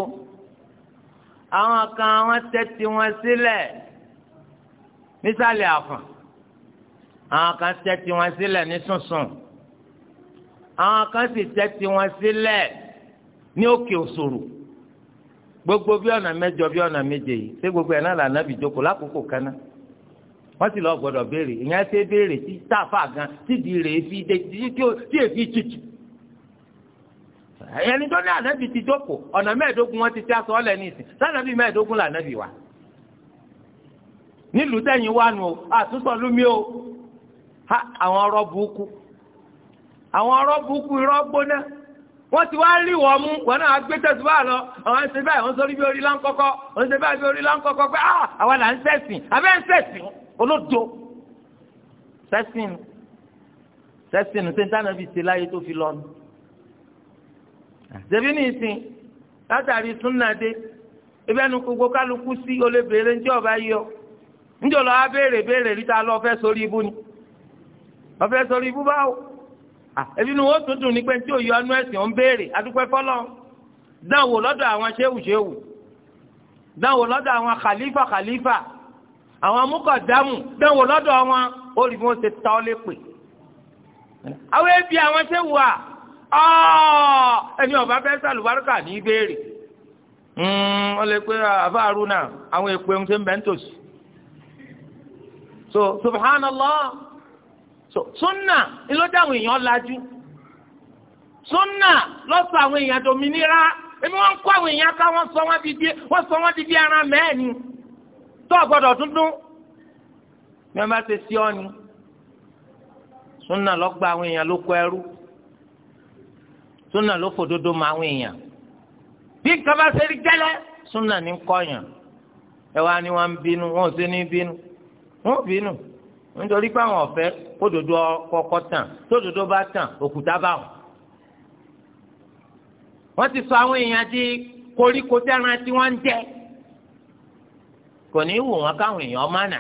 àwọn kan wọ́n tẹ́ tiwọn sílẹ̀ nísàlẹ̀ àfọ̀n àwọn kan tẹ́ tiwọn sílẹ̀ ní sùnsùn àwọn kan sì tẹ́ tiwọn sílẹ̀ ní òkè òṣòro gbogbo bí ọ̀nà mẹ́jọ bí ọ̀nà méje yìí ṣé gbogbo ẹ̀ náà là nàbì lákòókò kan náà wọ́n sì lọ gbọ́dọ̀ béèrè ìyẹn ṣe béèrè tí táàfà gan síbi rè é fi dé tí èfi tutù. ẹni tó ní ànábì ti jókòó ọ̀nà mẹ́ẹ̀ẹ́dógún wọn ti tí aṣọ ọ̀lẹ̀ ní ìsìn sànàbì mẹ́ẹ̀ẹ́dógún lànàbì wa. nílùú tẹ̀yìn wa nù àtúntò lumi o àwọn ọ̀rọ̀ burúkú àwọn ọ̀rọ̀ burúkú irọ́ gbóná wọ́n ti wá rí wọ́n mú wọn náà gbé tẹ̀sí báà lọ àwọn ẹ̀sìn báyìí wọ́n sọ orí bí orí láńkọ́kọ́ wọ́n sọ orí bí orí láńkọ́kọ́ pé ah, àwọn là ń sẹ̀sìn àbẹ́ ń sẹ̀sìn olódo sẹ́sìn sẹ́sìn sẹ́ńtánà fi ṣe láyé tó fi lọ́nu. ṣèbí ní ìsìn látàrí súnnàdé ebi ẹnu gbogbo kálukú sí olè béèrè ńjẹ́ ọba yọ ńjẹ́ lọ́wọ́ abéèrè béèrè ríta lọ fẹ́ sórí ibú ni ọfẹ́ sórí ibú báwo ebi ni wọ́n tún dùn ní pé tí òye ọnu ẹ̀sìn ń béèrè adúpẹ́ fọlọ́ dáwò lọ́dọ̀ àwọn ṣéwù ṣéwù dáwò lọ́dọ̀ àwọn khalifa khalifa. àwọn amúkọ̀dámù dánwò lọ́dọ̀ wọn ó rí wọn ṣe ta lépè. àwọn ẹbí àwọn ṣe wà ẹni ọba fẹ́ sàlùbáríkà ní ìbéèrè hmm, wọ́n lè pe àfa àrùnà àwọn èpè ń ṣe ń ń so subhanallah so sunna ló dáhùn èèyàn lajú sunna àwọn èèyàn dominira èmi kó àwọn èèyàn ká tó ọgbọ́dọ̀ tuntun ní ọba ṣe sí ni súnà lọgbà àwọn èèyàn ló kọ ẹrú súnà ló fòdodo mọ àwọn èèyàn bí nǹkan bá ṣe rí gẹ́lẹ́ súnà ní kọyàn ẹ wá ní wọn bínú wọn ò sí ní bínú wọn ò bínú nítorí pé àwọn ọ̀fẹ́ kódodo kọkọ tàn tódodo bá tàn òkúta bá wọn. wọ́n ti sọ àwọn èèyàn di koríko tẹ́ran tí wọ́n ń jẹ́ kò ní í wù wọn káwọn èèyàn mánà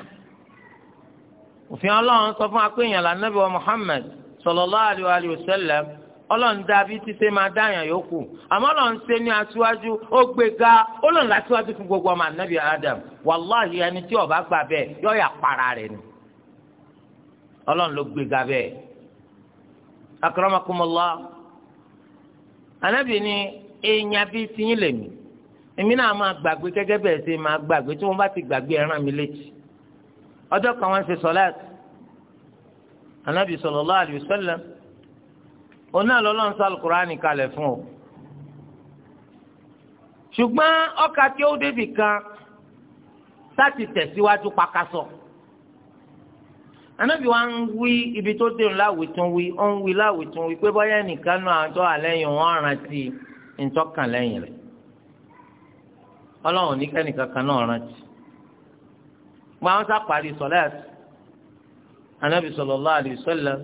òfin ọlọ́run sọ fún akéèyàn lànàbí wa Muhammad sallallahu alayhi wa sallam ọlọ́run dábí ti ma máa dáyàn yòókù àmọ́ ọlọ́run ṣe ní aṣíwájú ó gbé ga ọlọ́run láṣíwájú fún gbogbo ọmọ Adam wàláhì ẹni tí ọba gbà bẹ́ẹ̀ yọ ya para ni ló gbé ga ni èèyàn bíi lèmi èmi náà máa gbàgbé gẹ́gẹ́ bẹ́ẹ̀ ṣe máa gbàgbé tí wọ́n bá ti gbàgbé ẹran mi létí ọjọ́ kan wọ́n ṣe sọ́láàtì anabi sallallahu alaihi wasallam oní àlọ́lọ́run sọ alukur'ani kalẹ̀ fún o ṣùgbọ́n ọkà tí ó débì kan sáti tẹ̀síwájú pakasọ anabi wa ń wí ibi tó dé láwùí tún wí ó ń wí láwùí tún wí pé bọ́yá nìkan náà àjọ àlẹ́yìn wọn rántí ntọ́kàn rẹ̀ ọlọ́run ní kẹ́nìkan kan náà rántí gba wọn sá parí sọláàtì anabi sallallahu alayhi wa sallam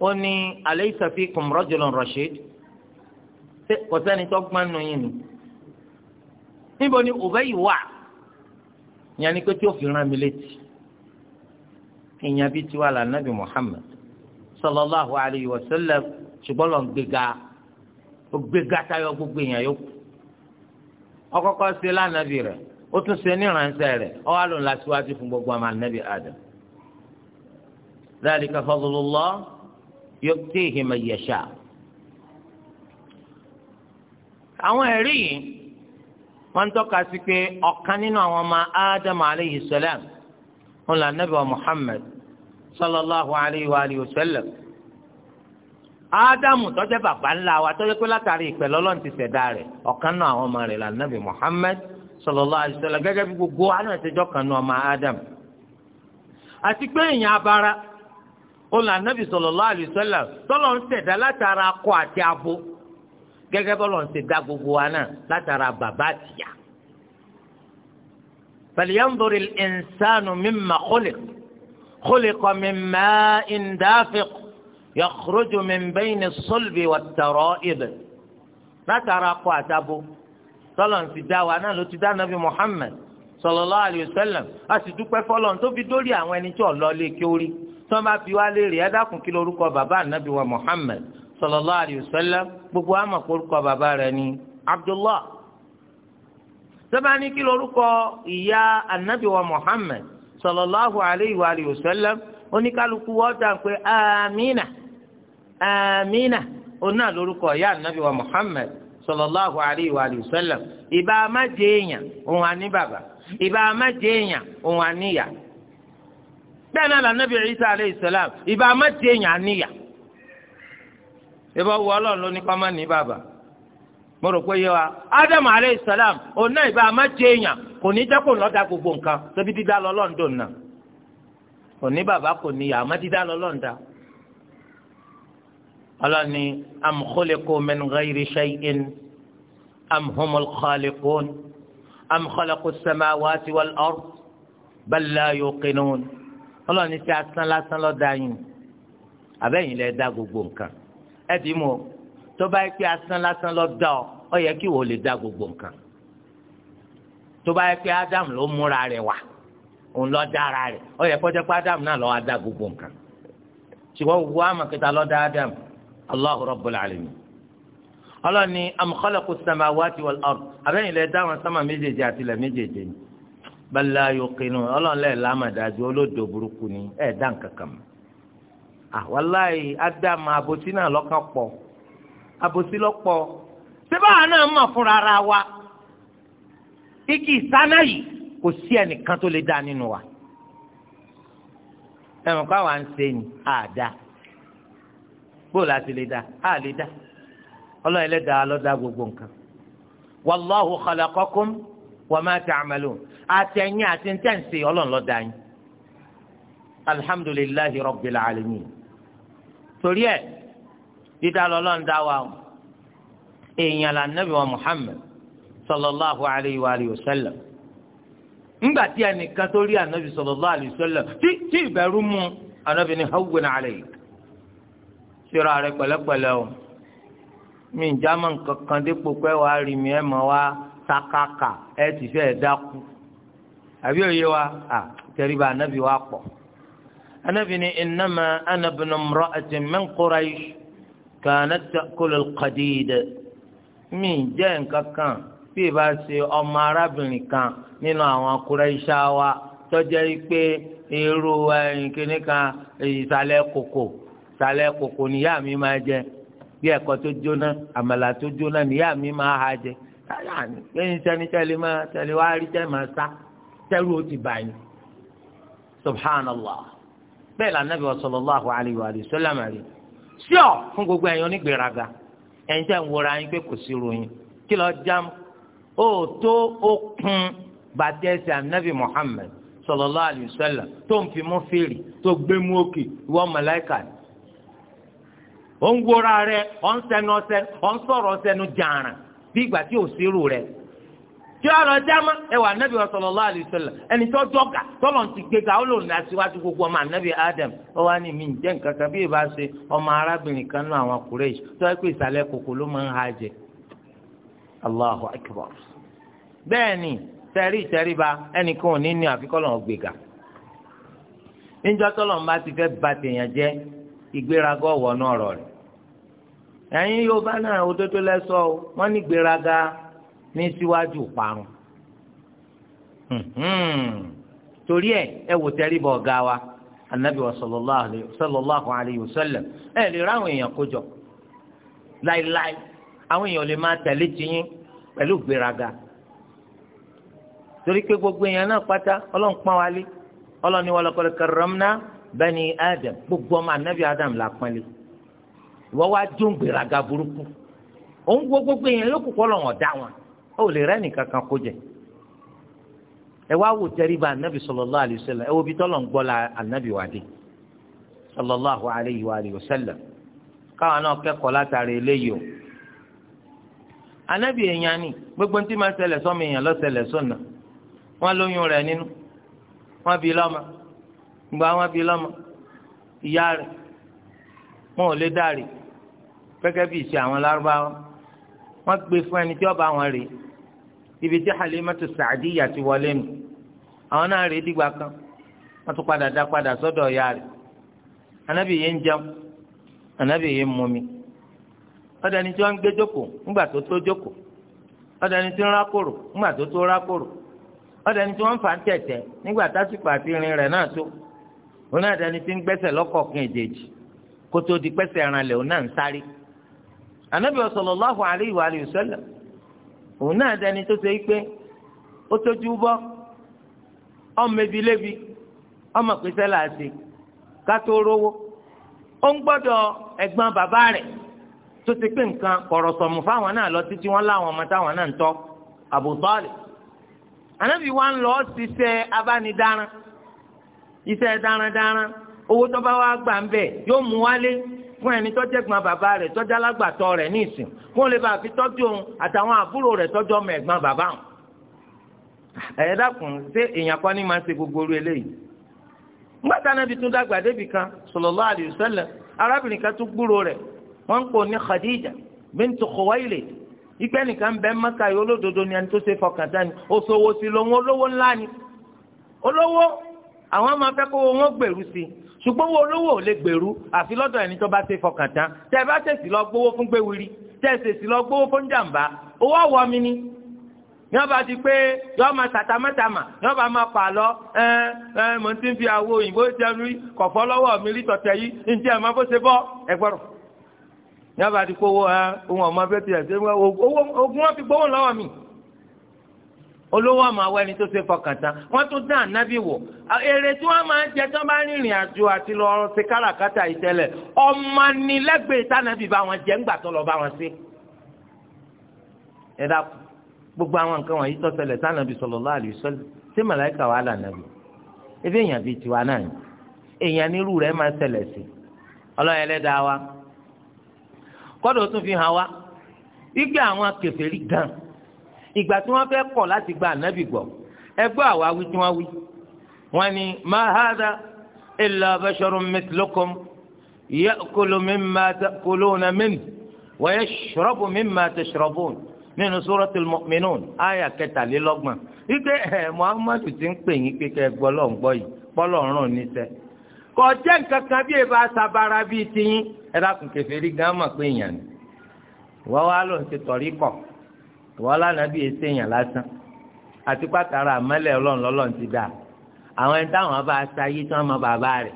ó ní alaysa fikum rajulun rashid kò sẹ́ni tó gbọ́n nù yín ni níbo ni Ubay wà ìyẹn ni pé tí ó fi rán mi létí ìyẹn bíi tiwa la anabi Muhammad sallallahu alayhi wa sallam ṣùgbọ́n lọ́n gbéga ó gbéga tayọ gbogbo èèyàn yòókù ọkọkọ ṣe lánàbì rẹ̀ ó tún ṣe ní ìránṣẹ́ rẹ̀ ó wá lò ń lásìwájú fún gbogbo ọmọ ànábì Adam dhalika fadlullah yu'tihi man yasha. àwọn ẹ̀rí yìí wọ́n ń tọ́ka sí pé ọ̀kan nínú àwọn ọmọ Adam alayhi salam wọn là wa Muhammad sallallahu alayhi wa sallam ádámù tó jẹ́ bàbá ńlá wa tó jẹ́ pé látàrí ìpẹ̀lẹ́ ọlọ́run ti ṣẹ̀dá rẹ̀ ọ̀kan náà àwọn ọmọ rẹ̀ là nàbì muhammed sallallahu alaihi wasallam gẹ́gẹ́ bí gbogbo àwọn ìṣèjọ́ kan náà ọmọ ádámù àti pé èèyàn abara ó là nàbì sallallahu alaihi wasallam tọ́lọ̀ látara akọ àti abo gẹ́gẹ́ bọ́lọ̀ ń ṣẹ̀dá gbogbo wa náà látara bàbá àtìyà فلينظر الإنسان مما خلق خلق من ماء yakhruju min bayni as-sulbi wat-tara'ib látara akọ àtàbò sọlọ́n ti dá wa náà ló ti dá nàbí Muhammad sallallahu alayhi wa sallam a sì dúpẹ́ fọlọ́n tó fi dórí àwọn ẹni tí ò lọ lé kéwrí tó bá fi wá léèrè ẹ dákun kí lórúkọ bàbá ànábì wa Muhammad sallallahu alayhi wa sallam gbogbo àmọ̀ kórúkọ bàbá rẹ̀ ni Abdullah sọ́bàání kí lórúkọ ìyá ànábì wa Muhammad sallallahu alayhi oníkálukú wọ́n dà pé Amina. amina òun náà lórúkọ ìyá ànábì wa muhammed sallallahu alayhi wa sallam ìbá má èèyàn òun á bàbá ìbá má èèyàn òun á níyà náà alayhi salam ìbá má èèyàn á ìbá wọ ọlọ́run ní bàbá mo alayhi òun náà ìbá èèyàn kò ní gbogbo nǹkan tóbi dídá náà ní bàbá kò níyà ọlọ́ni am khuliqu min ghayri shay'in am humul khaliqun am khalaqu as-samawati wal ard bal la yuqinun ọlọ́ni tí asán lásán ló dá yín abẹ́yìn lẹ dá gbogbo nǹkan ẹ dì í mọ́ tó bá yẹ pé asán lásán ló dá ọ ọ yẹ kí wọ́n lè dá gbogbo nǹkan tó bá yẹ pé Ádámù ló múra òun ló dá ara ọ yẹ kó pé Ádámù náà ló wá dá gbogbo nǹkan ṣùgbọ́n wo àmọ̀kẹta ló dá Ádámù. Allahu Rabbul Alamin ọlọ́ni am khalaqus samawati wal ard abẹ́yìn lẹ dáhùn sámà méjèèjì àti ilẹ̀ méjèèjì ni bal la yuqinun ọlọ́ni lẹ́ẹ̀ lámàdájú olódò burúkú ni ẹ̀ dá nǹkan kan mọ́. àwọláì ádámù àbòsí náà lọ́kàn pọ̀ àbòsí lọ́pọ̀ síbá náà mọ̀ fúnra ara wa igi ìsáná yìí kò sí ẹnìkan tó lè dá nínú wa ẹ̀rùn káwa ń ṣe ni àdá. Ah, bóòlù àti lè dá a lè dá ọlọ́run ẹlẹ́dàá ló dá gbogbo nǹkan wàlláhu khalaqakum wa ma ta'malun àtẹ̀yìn àti ntẹ̀sí ọlọ́run ló dá yín alhamdulillahi rabbil alamin torí ẹ dídá lọ́lọ́run dá wa èèyàn là nàbì wa muhammed sallallahu alayhi wa alihi wa sallam ńgbà ẹnìkan tó rí ànábì sallallahu alayhi wa sallam tí tí ìbẹ̀rù mú ànábì ni hawwin alayhi síra rẹ pẹ̀lẹ́pẹ̀lẹ́ o mi ń jámọ́ nǹkan kan dípò pé wà á rí mi ẹ̀ mọ́ wá takaka ẹ̀ ti fẹ́ dákú àbí òye wa à tẹríba anabi wa pọ̀ anabi ni innama ana ibnu imra'atin min Quraysh kanat ta'kulu al-qadid mi ń jẹ́ nǹkan kan bí ìbá ṣe ọmọ arábìnrin kan nínú àwọn Qurayshawa tó jẹ́ pé irú ẹ̀yìn kìnnìkan ìsàlẹ̀ kòkò sàlẹ̀ kòkò ni mi máa jẹ bí ẹ̀kọ́ tó jóná àmàlà tó jóná níyà mi máa ha jẹ lẹ́yìn sẹ́ni tẹ́lẹ̀ máa tẹ́lẹ̀ wá rí tẹ́lẹ̀ máa sá tẹ́lẹ̀ ó ti bàyìn subhanallah bẹ́ẹ̀ la nàbẹ̀ wa sallallahu alayhi wa sallam rí síọ̀ fún gbogbo ẹ̀yin onígbèraga ẹ̀yin tẹ́ ń wọra yín pé kò sí ròyìn kí lọ jam ó tó ó kún bàtẹ́sì ànábì muhammed sallallahu alayhi wa sallam tó ń fi mú fèrè tó gbé mú òkè ìwọ màláìkà ó ń wúra rẹ ó ń sẹnu ọsẹ ó ń sọ̀rọ̀ sẹnu jàǹrà bí ìgbà tí ò sírù rẹ tí ó lọ jáma ẹ wà nábì wa sallallahu alaihi wasallam ẹni tó dọgà tọlọ ti gbéga ó lòun aṣíwájú gbogbo ọmọ ànábì Adam ó wá ní mi jẹ nǹkan kan bí ìbá ṣe ọmọ arábìnrin kan náà àwọn Quraysh tó ẹ pé ìsàlẹ̀ kòkó ló máa ń ha jẹ Allahu akbar bẹ́ẹ̀ ni tẹrí ìtẹríba ẹnìkan ò ní ní àfikọ́lọ̀ ọ̀gbẹ̀gà níjọ́ tọ́lọ̀ ń bá ti fẹ́ ba tèèyàn jẹ́ ẹ̀yin yorùbá náà òdodo lẹ́sọ̀ o wọn ní gbéraga ní síwájú parun torí ẹ ẹ wò tẹríba ọ̀gá wa anabi wa sallallahu alayhi wa sallam ẹ lè ráwọn èèyàn kójọ láéláé àwọn èèyàn lè máa tẹ̀lé tiyín pẹ̀lú gbéraga torí pé gbogbo èèyàn náà pátá ọlọ́run pọ́n wálé ọlọ́run ni gbogbo anabi adam la pọ́n ìwọ wá dún gbèrágà burúkú òun gbogbo yẹn yóò kúkọ lọ wọn dá wọn ó lè rẹ nìkan kan kó jẹ ẹ wá wò tẹríba anabi sallallahu alaihi wasallam ẹ wo bí tọlọ ń gbọ la anabi wà dé sallallahu o anabi èèyàn ni gbogbo ntí máa èèyàn lọsẹlẹ sọnà wọn lóyún rẹ nínú wọn bí gẹ́gẹ́ bí ìṣe àwọn lárúbáwá wọ́n gbé fún ẹni tí ọba wọn rè ibi tí Halimatu Sa'diya ti wọlé nù àwọn náà rè dìgbà kan wọ́n tún padà dá padà sọ́dọ̀ ìyá rẹ̀ anábì yìí ń jẹun anábì yìí ń mumi ọ̀dọ̀ ẹni tí wọ́n ń gbé jókòó ńgbà tó tó jókòó tí rákòrò ńgbà tó tó rákòrò tí wọ́n anabi sallallahu alayhi wa alihi wa sallam òun náà dẹni tó ṣe pé ó tójú bọ ọmọ ebi lébi ọmọ pèsè làásì kátó rówó ó ń bàbá ti pé nǹkan fáwọn lọ títí wọn láwọn ọmọ táwọn náà ń tọ́ Abu anabi wa ń lọ abánidáran darandaran owó fún ẹni tọ́jẹ́ gbọ́n bàbá rẹ̀ tọ́jẹ́ alágbàtọ́ rẹ̀ ní ìsìn kó lè bá fi tọ́jú òun àtàwọn àbúrò rẹ̀ tọ́jọ́ ọmọ ẹ̀gbọ́n bàbá òun. ẹ̀yẹ́ dàkún ṣé èèyàn kan ní máa ń ṣe gbogbo orí eléyìí. ńgbà tá anábì tún dàgbà débì kan sallallahu alaihi arábìnrin kan tún gbúrò rẹ̀ wọ́n ń pò ní Khadija bintu Khuwailid ìgbẹ́ nìkan bẹ́ẹ̀ mẹ́ka ni ẹni tó ṣe fọkàn tán ni òṣòwò sí lòun olówó ńlá ni olówó àwọn máa fẹ́ wọn gbèrú sí i ṣùgbọ́n owó olówó ò lè gbèrú àfi lọ́dọ̀ ẹni tó bá ṣe fọkàn tán tẹ́ ẹ bá ṣèṣì lọ gbowó fún gbéwìrì tẹ́ ẹ ṣèṣì lọ gbowó fún jàǹbá owó ọ̀wọ́ mi ni yọ́n bá ti pé yọ́n máa tàtàmátàmà yọ́n bá máa fà lọ ẹ ẹ mọ̀ ní ti ń fi àwo òyìnbó jẹun rí kọ̀fọ́ lọ́wọ́ mi rí tọ̀tẹ̀ yìí ní ti ẹ̀ máa bó ṣe bọ́ ẹ gbọ́dọ̀ yọ́n bá ti kó owó ẹ ohun ọ̀mọ́ olówó àmọ àwọn ẹni tó ṣe fọkàn tán wọn tún dá ànábì wò èrè tí wọn máa ń jẹ tán bá rìnrìn àjò àti lọ ṣe káràkátà ìtẹlẹ ọmọnilẹgbẹẹ tànàbì bá wọn jẹ ńgbà tó lọ bá wọn sí. ẹ dá gbogbo àwọn nǹkan wọ̀nyí tó ṣẹlẹ̀ tànàbì sallallahu alaihi wasallam ṣé màláìkà wà lànàbì ebi èèyàn bíi tiwa náà ni èèyàn nírú rẹ̀ máa ṣẹlẹ̀ sí ọlọ́yẹ lẹ́dàá wa kọ́dọ̀ tún fi hàn ìgbà tí wọ́n fẹ́ kọ̀ láti gba ànábì gbọ́ ẹgbẹ́ àwa wí tí wọ́n wí wọ́n ní ma hadha illa basharun mithlukum ya'kulu mimma ta'kuluna minhu wa yashrabu mimma tashrabun nínú suratul mu'minun àyà kẹtàlélọ́gbọ̀n wípé ẹ̀ muhammadu ti ń pè yín pé kẹ́ gbọ́ lọ́n gbọ́ yìí bọ́lọ̀ ọ̀ràn níṣẹ́ kò jẹ́ nǹkan kan bí ẹ sabara bíi tiyín ẹ dákun kẹfẹ́ rí gánmà pé èèyàn ni wọ́n wá lóun ti tọ̀rí kọ̀ wọ́n bí èsè èèyàn lásán àti pàtàrà àmọ́lẹ̀ ọlọ́run lọ́lọ́run ti dà àwọn ẹni táwọn bá aṣáyé tán mọ bàbá rẹ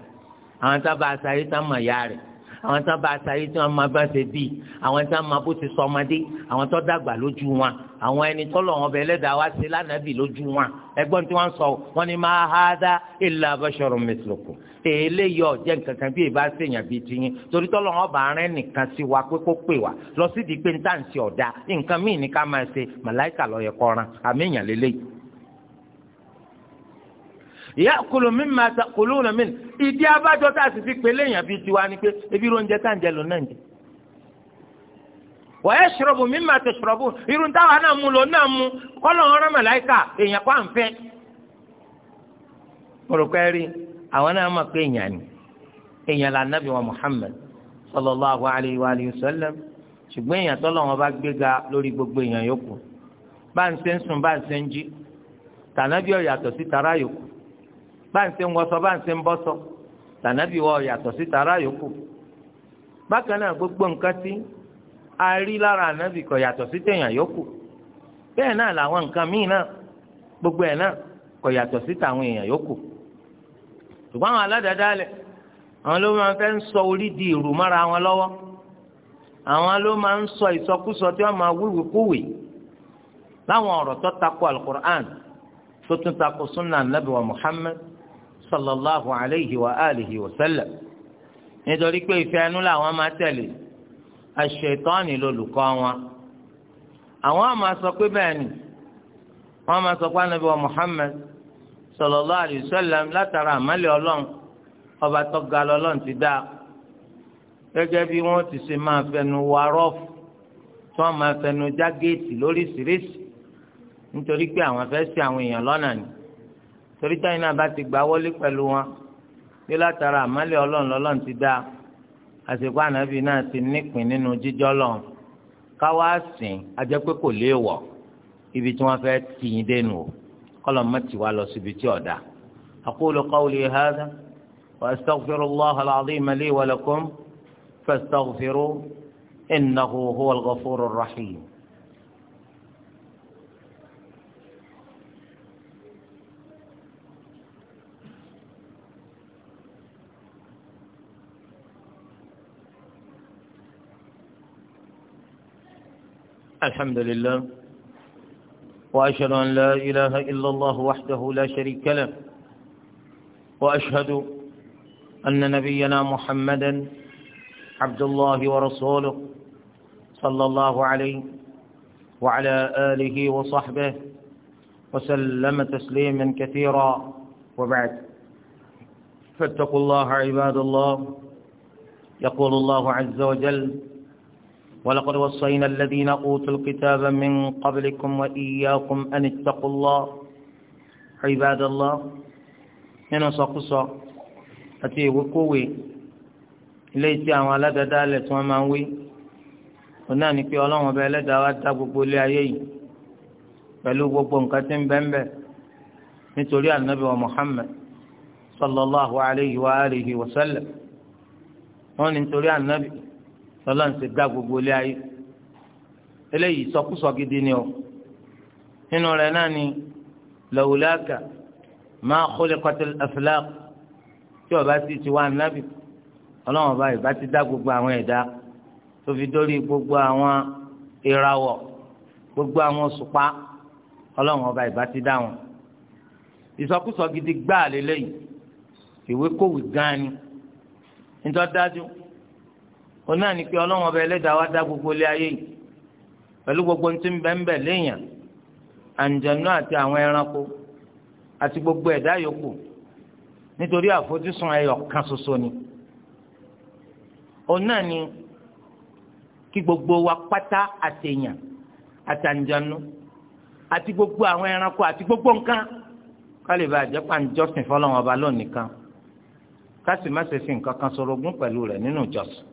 àwọn táwọn bá aṣáyé tán mọ ìyá rẹ àwọn tó bá aṣayé tí wọ́n máa bá ṣe bí àwọn tó máa bó ti sọ ọmọdé àwọn tó dàgbà lójú wọn àwọn ẹni tọ́lọ̀ wọn bẹ̀ lẹ́dàá wá sí lánàbì lójú wọn ẹgbọ́n tí wọ́n sọ wọ́n ní ma hadha illa basharun mislukum eléyìí ọ̀jẹ́ nkankan bí ìbá ṣèyàn bíi tiyín torí tọ́lọ̀ wọn bá rẹ́ nìkan sí wa pé kó pè wá lọ sídìí pé ń tà ń ọ̀dà nǹkan míì ní ká máa ṣe màláìkà lọ́yẹ̀kọ́ran àmì ìyàn lélẹ́yìí ya'kulu mimma ta'kuluna min ìdí abájọ tá a sì fi pèlè èèyàn bíi tiwa ni pé ebi ló ń jẹ tá à ń jẹ lò náà ń jẹ. wa yashrabu mimma tashrabun irun táwa náà mú lò náà mú kọ́lọ̀ ọ̀rọ̀ màláìkà èèyàn kọ́ à ń fẹ́. mo rò rí àwọn náà mọ̀ pé èèyàn ni èèyàn là nàbì wa Muhammad sallallahu alayhi wa alihi wa sallam ṣùgbọ́n èèyàn tọ́lọ́ wọn bá gbéga lórí gbogbo èèyàn yòókù bá ń ṣe ń sùn bá ń ṣe ń jí tànàbí ọ̀yàtọ̀ sí tara yòókù bá ń ṣe ń wọṣọ bá ń ṣe tànàbí yàtọ̀ sí bákan gbogbo nǹkan tí a rí lára ànábì kò yàtọ̀ sí tèèyàn yòókù bẹ́ẹ̀ náà làwọn nǹkan míì gbogbo ẹ̀ náà kò yàtọ̀ sí tàwọn èèyàn yòókù ṣùgbọ́n àwọn aládàádáalẹ̀ àwọn ló máa fẹ́ ń sọ orí di ìrù mọ́ra wọn lọ́wọ́ àwọn ló máa ń sọ ìsọkúsọ tí wọ́n máa wíwì kúwì láwọn ọ̀rọ̀ tó alukur'an tó tún sunna anabi wa sallallahu alayhi wa alihi wa sallam nítorí pé ìfẹ́ ẹnu làwọn máa tẹ̀lé àṣetọ́ni lolùkọ́ wọn àwọn á máa sọ pé bẹ́ẹ̀ ni wọ́n máa sọ pé anabi wa Muhammad sallallahu alayhi wa sallam látara àmàlẹ́ ọlọ́run ọba tó ga lọ́lọ́run ti dá gẹ́gẹ́ bí wọ́n ti ṣe máa fẹnu wa rọ́ọ̀fù tí wọ́n máa fẹnu já géètì lóríṣiríṣi nítorí pé àwọn fẹ́ ṣì àwọn èèyàn lọ́nà ni torí táyìn náà bá ti gbà wọlé pẹ̀lú wọn bí látara àmàlẹ́ ọlọ́run lọ́lọ́run ti dá àsìkò ànábì náà ti nípìn nínú jíjọ́ lọ́run káwá sìn ajẹ́ pé kò léèwọ̀ ibi tí wọ́n fẹ́ tìyín dénú o kọ́lọ̀ mọ́tì wá lọ síbi tí ọ̀dà. aqulu qawli hadha wa astaghfirullaha al-azima li wa lakum fastaghfiruhu innahu rahim. الحمد لله وأشهد أن لا إله إلا الله وحده لا شريك له وأشهد أن نبينا محمدا عبد الله ورسوله صلى الله عليه وعلى آله وصحبه وسلم تسليما كثيرا وبعد فاتقوا الله عباد الله يقول الله عز وجل ولقد وصينا الذين أوتوا الكتاب من قبلكم وإياكم أن اتقوا الله عباد الله nínú sọkúsọ àti ìwékówé ilé tí àwọn aládàáda alẹ tí wọn máa ń wé òun náà ni pé ọlọ́run ọba ẹlẹ́dàá wa dá gbogbo ilé ayé yìí pẹ̀lú gbogbo nǹkan tí ń bẹ́ńbẹ́ nítorí ànábì wa Muhammad sallallahu alayhi wa alihi wa sallam wọn ni nítorí ànábì lọ́lọ́run ti dá gbogbo ilé ayé eléyìí sọkúsọ gidi ni o nínú rẹ̀ náà ni lawulaka máa khuliqatil aflaq tí ọba sì ti wá nábì ọlọ́run ọba ìbá ti dá gbogbo àwọn ẹ̀dá tó fi dórí gbogbo àwọn ìràwọ̀ gbogbo àwọn òṣùpá ọlọ́run ọba ìbá ti dá wọn ìsọkúsọ gidi gbáà lélẹ́yìí ìwé kòwì gan ni nítorí dájú òun náà ní pé ọlọ́run ọba ẹlẹ́dàá wa dá gbogbo ilé ayé yìí pẹ̀lú gbogbo ntí ń bẹ ń bẹ léèyàn àǹjẹ̀nú àti àwọn ẹranko àti gbogbo ẹ̀dá yòókù nítorí àfojúsùn ẹyọ kan ṣoṣo ni òun náà ni kí gbogbo wa pátá àtẹ̀yàn àtàǹjẹ̀nú àti gbogbo àwọn ẹranko àti gbogbo nǹkan ká lè bá àjẹpà ń jọ́sìn fọlọ́wọn ọba lónìí kan ká nǹkan kan ṣorogún pẹ̀lú rẹ̀ nínú ìjọsìn.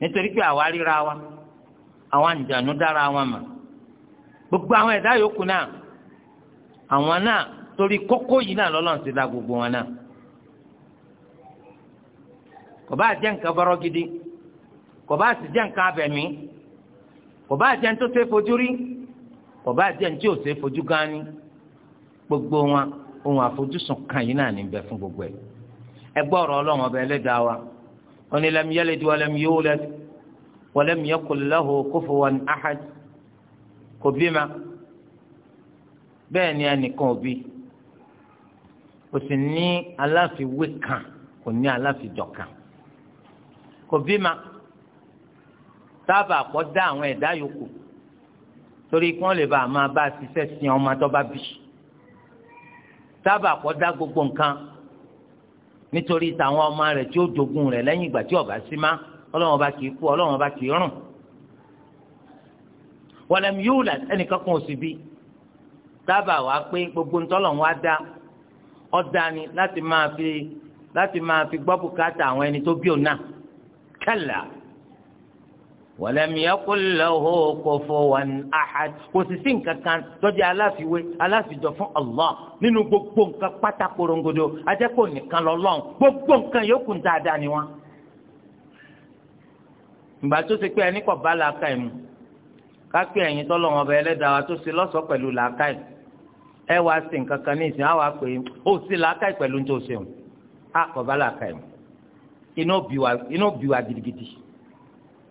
nítorí pé àwa ríra wa àwọn àǹjànú dára wọn ma gbogbo àwọn ẹ̀dá yòókù náà àwọn náà torí kókó yìí náà ti gbogbo wọn náà kò bá jẹ́ nǹkan bọ́rọ́ gidi kò bá sì jẹ́ nǹkan abẹ̀mí kò bá jẹ́ tó ṣe fojú rí kò bá jẹ́ tí ò ṣe fojú gan ni gbogbo wọn ohun àfojúsùn kan yìí náà fún gbogbo ẹ gbọ́ ọ̀rọ̀ ọlọ́run ọba wọn ni lam yalid wa lam yulad wa lam yakul lahu kufuwan ahad kò bímọ bẹ́ẹ̀ ni ẹnìkan ò bí kò sì ní aláfiwé kan kò ní aláfijọ kan kò bímọ sábà kọ́ dá àwọn ẹ̀dá yòókù torí kí wọ́n lè bá a máa bá a ṣiṣẹ́ sin ọmọ tó bá bí sábà kọ́ dá gbogbo nǹkan nítorí tàwọn ọmọ rẹ̀ tí ó jogún rẹ̀ lẹ́yìn ìgbà tí ọba sí má ọlọ́run ọba kì í kú ọlọ́run ọba kì í rùn. wọlẹ́m yóò là ẹnìkan kan ò sì bí dábàá wá pé gbogbo ntọ́lọ̀ wá dá ọ̀dà ni láti máa fi láti máa fi gbọ́ bùkátà àwọn ẹni tó bí òun náà kẹ́là. ولم يقل له كفوا أحد kò sì sí nǹkan kan tó aláfiwé fún Allah nínú gbogbo nǹkan pátá korongodo ajẹ́kọ̀ọ́ nìkan lọ́lọ́run gbogbo nǹkan yòókù dáadáa ni ìgbà tó ti pé ẹni bá làákà kápẹ́ ẹ̀yìn tọ́lọ̀ wọn bẹ ẹlẹ́dàá wa tó ṣe lọ́sọ̀ọ́ pẹ̀lú làákà ẹ̀ ẹ wá sí nǹkan kan ní ìsìn àwa pé ó sì làákà ẹ̀ pẹ̀lú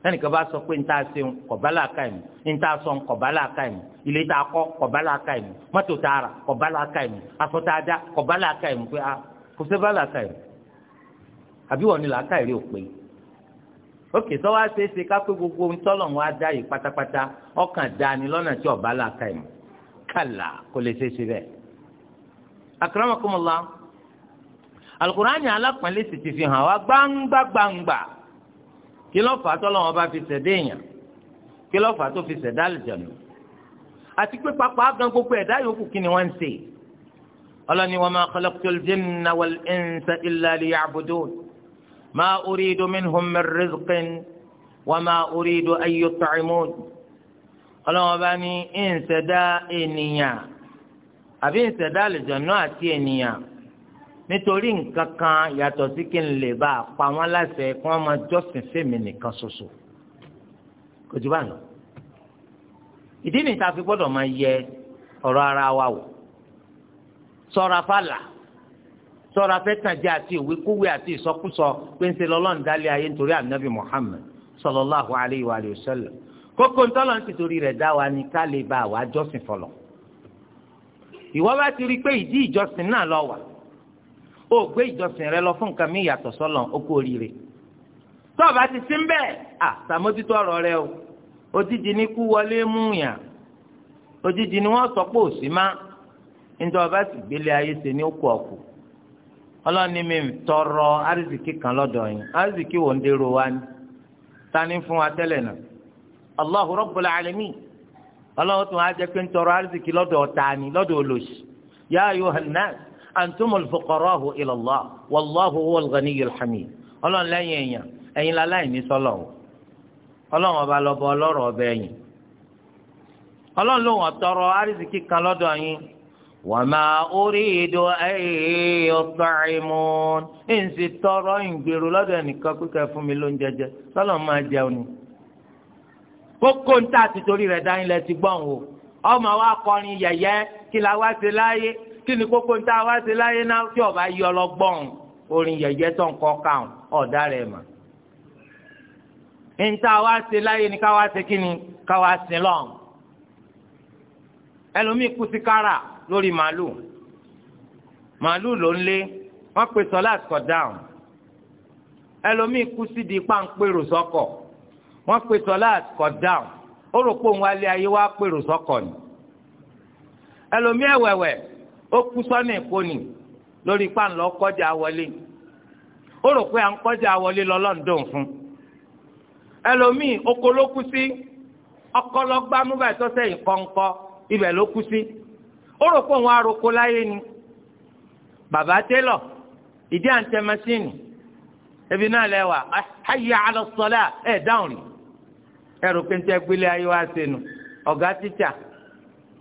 tẹnìkan bá sọ pé n ta ṣe ń kọ̀bá làákà yìí n ta sọ ń kọ̀bá làákà yìí ilé ta kọ́ kọ̀bá làákà yìí mọ́tò ta rà kọ̀bá làákà yìí aṣọ ta dá kọ̀bá làákà yìí pé a ah, kò ṣe bá làákà yìí àbí wọ́n ní làákà yìí ò pé ókè sọ wá ṣe é ṣe ká pé gbogbo ntọ́lọ̀ ń wá dá yìí pátápátá ọkàn dá ni lọ́nà tí ọ̀bá làákà yìí kàlà kò lè ṣe kí ló fà á tọ́lọ́wọ́n bá fi ṣẹ̀dá èèyàn kí ló fà á tó fi ṣẹ̀dá àlùjànnú àti pé pápá gan gbogbo ẹ̀dá yòókù kí ni wọ́n ń ṣe ọlọ́ni wa ma khalaqtul jinna wal insa illa liya'budun ma uridu minhum min rizqin wa ma uridu an yut'imun ọlọ́wọ́n bá ní ìṣẹ̀dá ènìyàn àbí ìṣẹ̀dá àlùjànnú àti ènìyàn nítorí nǹkan kan yàtọ̀ sí kí n lè bá a pa wọ́n láṣẹ kí wọ́n máa jọ́sìn fèmí nìkan ṣoṣo kò jù bá lọ. ìdí nìyí tá a fi gbọ́dọ̀ máa yẹ ọ̀rọ̀ ara wa wò sọ̀ra fàlà sọ̀ra fẹ́tànjẹ́ àti ìwékúwé àti ìsọkúsọ pé ń ṣe lọ́lọ́run dálé ayé nítorí ànábì Muhammad sallallahu alayhi wa sallam kókó ńtọ́lọ́ ń tìtorí rẹ̀ dá wa ni ká lè bá a wá jọ́sìn fọlọ̀ ìwọ bá ti rí o gbé ìjọsìn rẹ lọ fún nǹkan mi yàtọ̀ sọ́lọ̀ ó kú oríire tó o bá ti sí bẹ́ẹ̀ à sàmójútó ọ̀rọ̀ rẹ o òjijì ni kú wọlé mú yàn òjijì ni wọ́n sọ pé òsì má níta ọba sì gbélé ayé ṣe ní òkú ọ̀kù ọlọ́ni mi tọrọ arziki kan lọ́dọ̀ yín arísìkí wò ń dèrò wa ni ta ni fún wa tẹ́lẹ̀ náà Allahu Rabbul Alamin ọlọ́run tún jẹ́ pé ń tọrọ arísìkí lọ́dọ̀ ọ̀tá ni lọ́dọ̀ olóṣì yá ayuhan nas antumul fuqara'u ila Allah wallahu huwal ghaniyyul hamid ọlọ́run lẹ́yìn èèyàn ẹ̀yin la láì ní sọ́lọ̀ o ọlọ́run ọba lọ́bọ ọlọ́rọ̀ ọbẹ̀ ẹ̀yìn ọlọ́run ló wọ́n tọrọ arísìkí kan lọ́dọ̀ yín wa ma uridu an yut'imun ń sì tọrọ ìgbèrú lọ́dọ̀ ẹnìkan kíkẹ́ fún mi ló ń jẹjẹ sọ́lọ̀ máa jẹun ni kókó ń tà títorí rẹ̀ dání lẹ ti gbọ́n o ọmọ wa kọrin yẹ̀yẹ́ kí la wá ṣe láyé kí ni kókó ń tá a wá sí láyé náà tí ọba yí ọlọgbọ́n orin yẹ̀yẹ́ tó ń kọ́ kàn ọ̀dà rẹ̀ mà. ń tá a wá sí láyé ni ká wá sí kí ni ká wá sí lọ́n. ẹlòmíì kú sí kára lórí màálù màálù ló ń lé wọ́n pe sọlá kọ̀ dáhùn ẹlòmíì kú sí di páńpẹ́rò sọ́kọ̀ wọ́n pe sọlá kọ̀ dáhùn ó rò pé òun wá ayé wá pèrò sọ́kọ̀ ni ẹlòmíì ẹ̀wẹ̀wẹ̀ ó kú sọ́nà èkó ni lórí páńlọ kọjá wọlé ó rò pé à ń kọjá wọlé lọ́lọ́ǹdọ̀n fún ẹlòmíì oko ló kú sí ọkọ lọ gbá mú báyìí tọ́sẹ̀ yìí kọ́ńkọ́ ibẹ̀ ló kú sí ó rò pé òun aroko láyé ni bàbá télọ̀ ìdí à ń ebi náà lẹ́wà ayé alọ́sọ́lá ẹ̀ dáhùn rí ẹ rò pé ń tẹ́ gbélé ayé wá sínú ọ̀gá títsà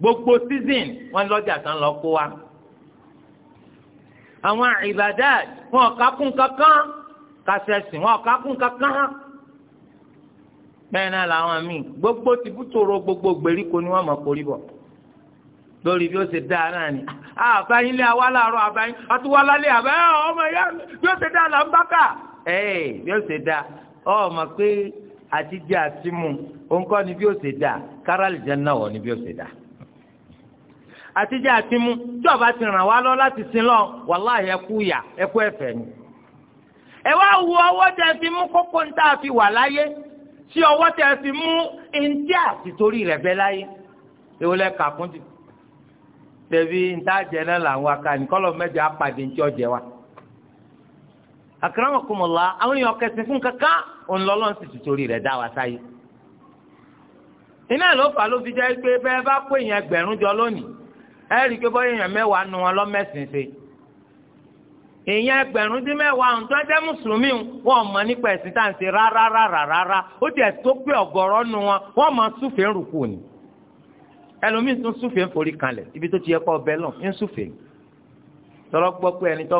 gbogbo season wọn lọ́jà tán lọ kó wa àwọn ìbàdàd wọn ò kákún kankan kàṣẹsìn wọn ò kákún kankan bẹ́ẹ̀ náà làwọn míì gbogbo tìbútòrò gbogbo gbèríko ni wọ́n mọ̀ kórì bọ̀ lórí bí ó ṣe dáa náà ni àbáyín lé àwa láàárọ̀ àbáyín àtiwálálé àbáyá ọmọ ìyá bí ó ṣe dáa là ń bá kà ẹ̀ẹ́ bí ó ṣe dáa ọmọ pé àtijọ́ àti òun kọ́ ni bí ó ṣe dáa káràlì jẹ́ náà wọ̀ ni bí ó ṣe dáa. àtijọ́ àti mú tí ti ràn wá lọ láti sin lọ wàláhì ẹkú yà ẹkú ẹ̀fẹ̀ ni. ẹ wá wo ọwọ́ tẹ fi fi wà láyé tí ọwọ́ tẹ fi mú àti torí láyé èwo lẹ kà kún jù. tẹ̀bi ntaajẹ náà làwọn akáni apàdé wa. àwọn èèyàn kẹsìn fún kankan ònlọ́lọ́n sì ti torí dá wa sáyé. iná ló fà ló fi jẹ́ pé bẹ́ẹ̀ bá ẹ rí i pé bọ́yá èèyàn mẹ́wàá nu wọn lọ́mẹ́sìn ṣe èèyàn ẹgbẹ̀rún dín mẹ́wàá ọ̀hún tó mùsùlùmí wọn mọ̀ nípa ẹ̀sìn tá à ń ṣe rárá rárá rárá ó ni tún ń forí ibi tó ti yẹ kọ́ ọbẹ̀ lọ ń gbọ́ pé ẹni tó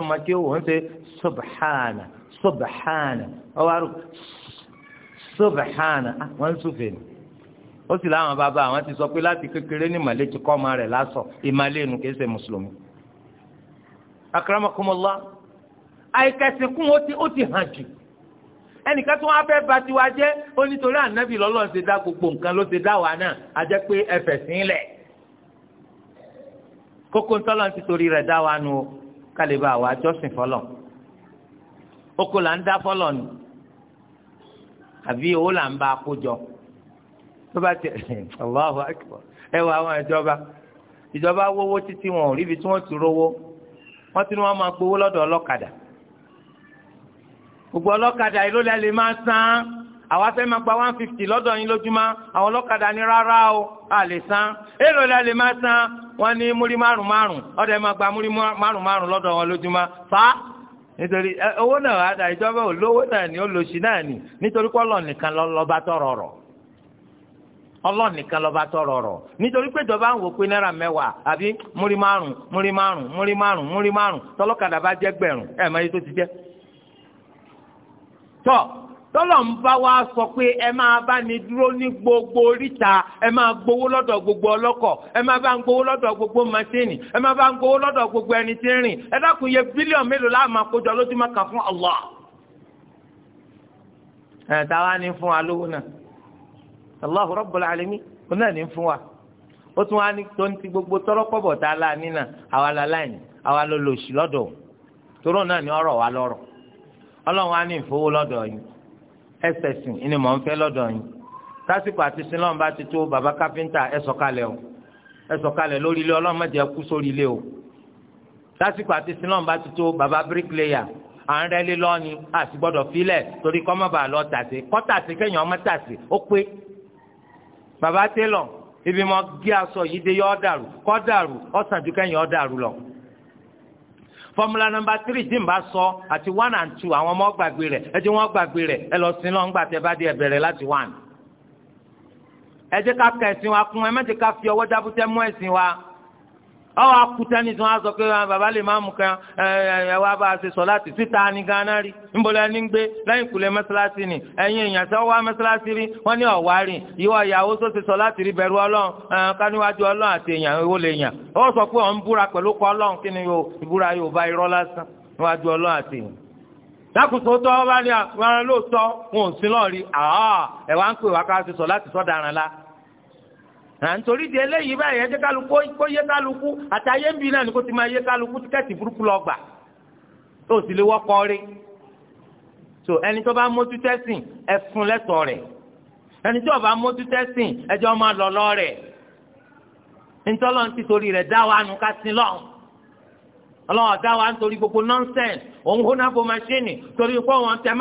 kí ó sì láwọn bàbá àwọn ti sọ pé láti kékeré ní ìmàlẹ́ ti kọ́ ọmọ rẹ̀ lásọ̀ ìmàlẹ́ inú kìí ṣe mùsùlùmí. akramakumullah àìkẹsìnkún ó ti hàn jù ẹnìkan tí wọn fẹ́ bà tiwa jẹ́ ó nítorí ànábì lọ́lọ́run ṣe dá gbogbo nǹkan ló ṣe dá wa náà a jẹ́ pé ẹfẹ̀ sílẹ̀ kókó ńtọ́lọ́ ti torí rẹ̀ dá wa nu kálíbà wa jọ́sìn fọlọ́ oko là ń dá fọlọ́ ni àbí owó là ń bá a kó jọ tó bá tẹ [LAUGHS] Allahu akbar ẹ wọ àwọn ìjọba ìjọba wọ́wọ́ títí wọn ò ríbi tí wọ́n ti rówó wọ́n ti ní wọ́n máa gbowó lọ́dọ̀ ọlọ́kadà gbogbo ọlọ́kadà yìí ló lẹ́ lè máa san àwa fẹ́ máa gba one fifty lọ́dọ̀ yín lójúmọ́ àwọn ọlọ́kadà ní rárá o a lè san èèlò lẹ́ lè máa san wọ́n ní múrí márùn márùn ọ̀dọ̀ ẹ̀ máa gba múrí márùn márùn lọ́dọ̀ wọn lójúmọ́ fa nítorí owó náà àdá ìjọba olówó náà ni olóṣì náà ni nítorí kọ́ lọ nìkan lọ́ba tọrọ ọ̀rọ̀ ọlọ́run nìkan lọ́ba tọrọ rọ̀ nítorí pé ìjọba ń wò pé náírà mẹ́wàá àbí múrí márùn múrí márùn múrí márùn múrí márùn tọlọ́kadà bá jẹ́ gbẹ̀rún ẹ̀ máa tó ti jẹ́. tọ́ tọ́lọ̀ ń wa sọ pé ẹ máa bá ní dúró ní gbogbo oríta ẹ máa gbowó lọ́dọ̀ gbogbo ọlọ́kọ̀ ẹ máa bá ń gbogbo ẹ máa bá ń gbogbo ẹni tí ń iye bílíọ̀nù mélòó lójúmọ́ kan fún ẹ̀ táwa ní fún Allahu Rabbul Alamin ó náà ní fún wa ó tún wá ní tó ti gbogbo tọ́lọ́pọ̀bọ̀ tá a lá nínà àwa la láìní àwa ló lò sí lọ́dọ̀ torọ́ náà ní wa lọ́rọ̀ ọlọ́run á ní ìfowó lọ́dọ̀ yín ẹsẹ̀ sìn ni mò ń fẹ́ lọ́dọ̀ yín tásìkò àti sinlọ́n bá ti tó bàbá káfíńtà ẹ sọ̀kalẹ̀ o ẹ sọ̀kalẹ̀ lórí ilé ọlọ́run má jẹ́ kú sórí ilé o tásìkò àti sinlọ́n bá ti tó bàbá bíríkìlẹ́yà à ń rẹ́lé lọ́ni torí kọ́mọ́bà lọ tàsí kọ́ tàsí kéèyàn ọmọ ó pé bàbá télọ̀ ibi mọ gé aṣọ yìí dé yọ dàrú kọ dàrú ọsàn ju kẹyìn ọ dàrú lọ. fọmùlà nọ́mbà tírì tí n bá sọ àti one and two àwọn ọmọ gbàgbé rẹ ẹ jẹ́ wọn gbàgbé rẹ ẹ lọ sí lọ ńgbà tẹ bá dé ẹ láti one. ẹ jẹ́ ká kẹsìn wa kún ẹ má jẹ́ ká fi ọwọ́ dábútẹ́ mú ẹ̀sìn wa àwọn akuta ni tí wọn sọ pé ah, bàbá lè máa mú kan ẹ wá bá a ṣe sọ láti síta ni gánà rí nbọlá ní gbé lẹ́yìn kùlẹ mẹsàlásì ni ẹ̀yin èèyàn tí wọn wá mẹsàlásì rí wọn ní ọwá rìn ìwọ ìyàwó tó ṣe sọ láti rí bẹ̀rù Ọlọ́run káníwájú Ọlọ́run àti èèyàn ewo lè yàn ó sọ pé òun búra pẹ̀lú kọ Ọlọ́run kí ni ìbúra yóò bá irọ́ lásán níwájú Ọlọ́run àti èèyàn lákòóso tó wọn bá ní àwọn ah, lóòótọ́ wọn ò sí lọrí àá ẹ ń pè wá ká ṣe sọ láti sọdaràn la à ń torí di eléyìí báyìí ẹjẹ kálukú kó yé kálukú àtàyé ń bi náà ni kó ti máa yé kálukú tíkẹ́ẹ̀tì burúkú lọ gbà tó sì lè wọ́kọ rí so ẹni tó bá mójú tẹ́sìn ẹ fún lẹ́tọ̀ọ́ rẹ̀ ẹni tó bá mójú tẹ́sìn ẹjọ́ máa lọ lọ rẹ̀ ntọ́lọ́ ti torí rẹ̀ dá wa nu ká sin lọ́hùn ọlọ́wọ́ dá wa nítorí gbogbo nọ́nsẹ̀nsì òun hóná bo maṣíìnì torí pé òun tẹ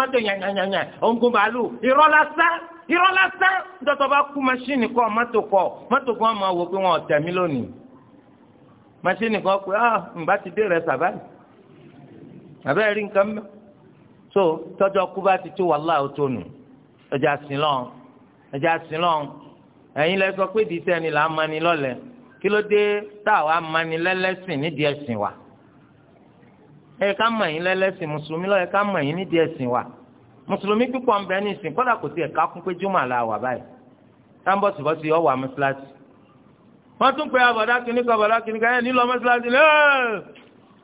irọ́ lásán dọ́tọ̀ bá kú mọ́ṣíìnì kọ́ mọ́tò kọ́ mọ́tò kọ́ máa wò pé wọn ò tẹ̀mí lónìí mọ́ṣíìnì kọ́ pé ah ǹbá ti dé rẹ sàbáyì àbẹ́rẹ́ rí nǹkan mọ́ so tọ́jọ́ kú bá ti tó wàhálà ó tó nù ẹja sílọ̀ ẹja sílọ̀ ẹ̀yin lẹ sọ pé ìdísẹ́ ni là á mani lọ́lẹ̀ kí ló dé táwa mani lẹ́lẹ́sìn nídìí ẹ̀sìn wa ẹ̀ka mọ̀ yín lẹ́lẹ́sìn mùsùlùmí lọ́yẹ̀ká mùsùlùmí pípọ̀ ń bẹ ní ìsìn kọ́dà kò sí ẹ̀ka kún pé jùmọ̀ la wà báyìí táǹbọ̀sibọ́sì ọ̀ wà mọ́sálásì wọ́n tún pé abọ̀dá kìíní kan abọ̀dá kìíní kan ẹ̀ nílò mọ́sálásì lẹ́ẹ̀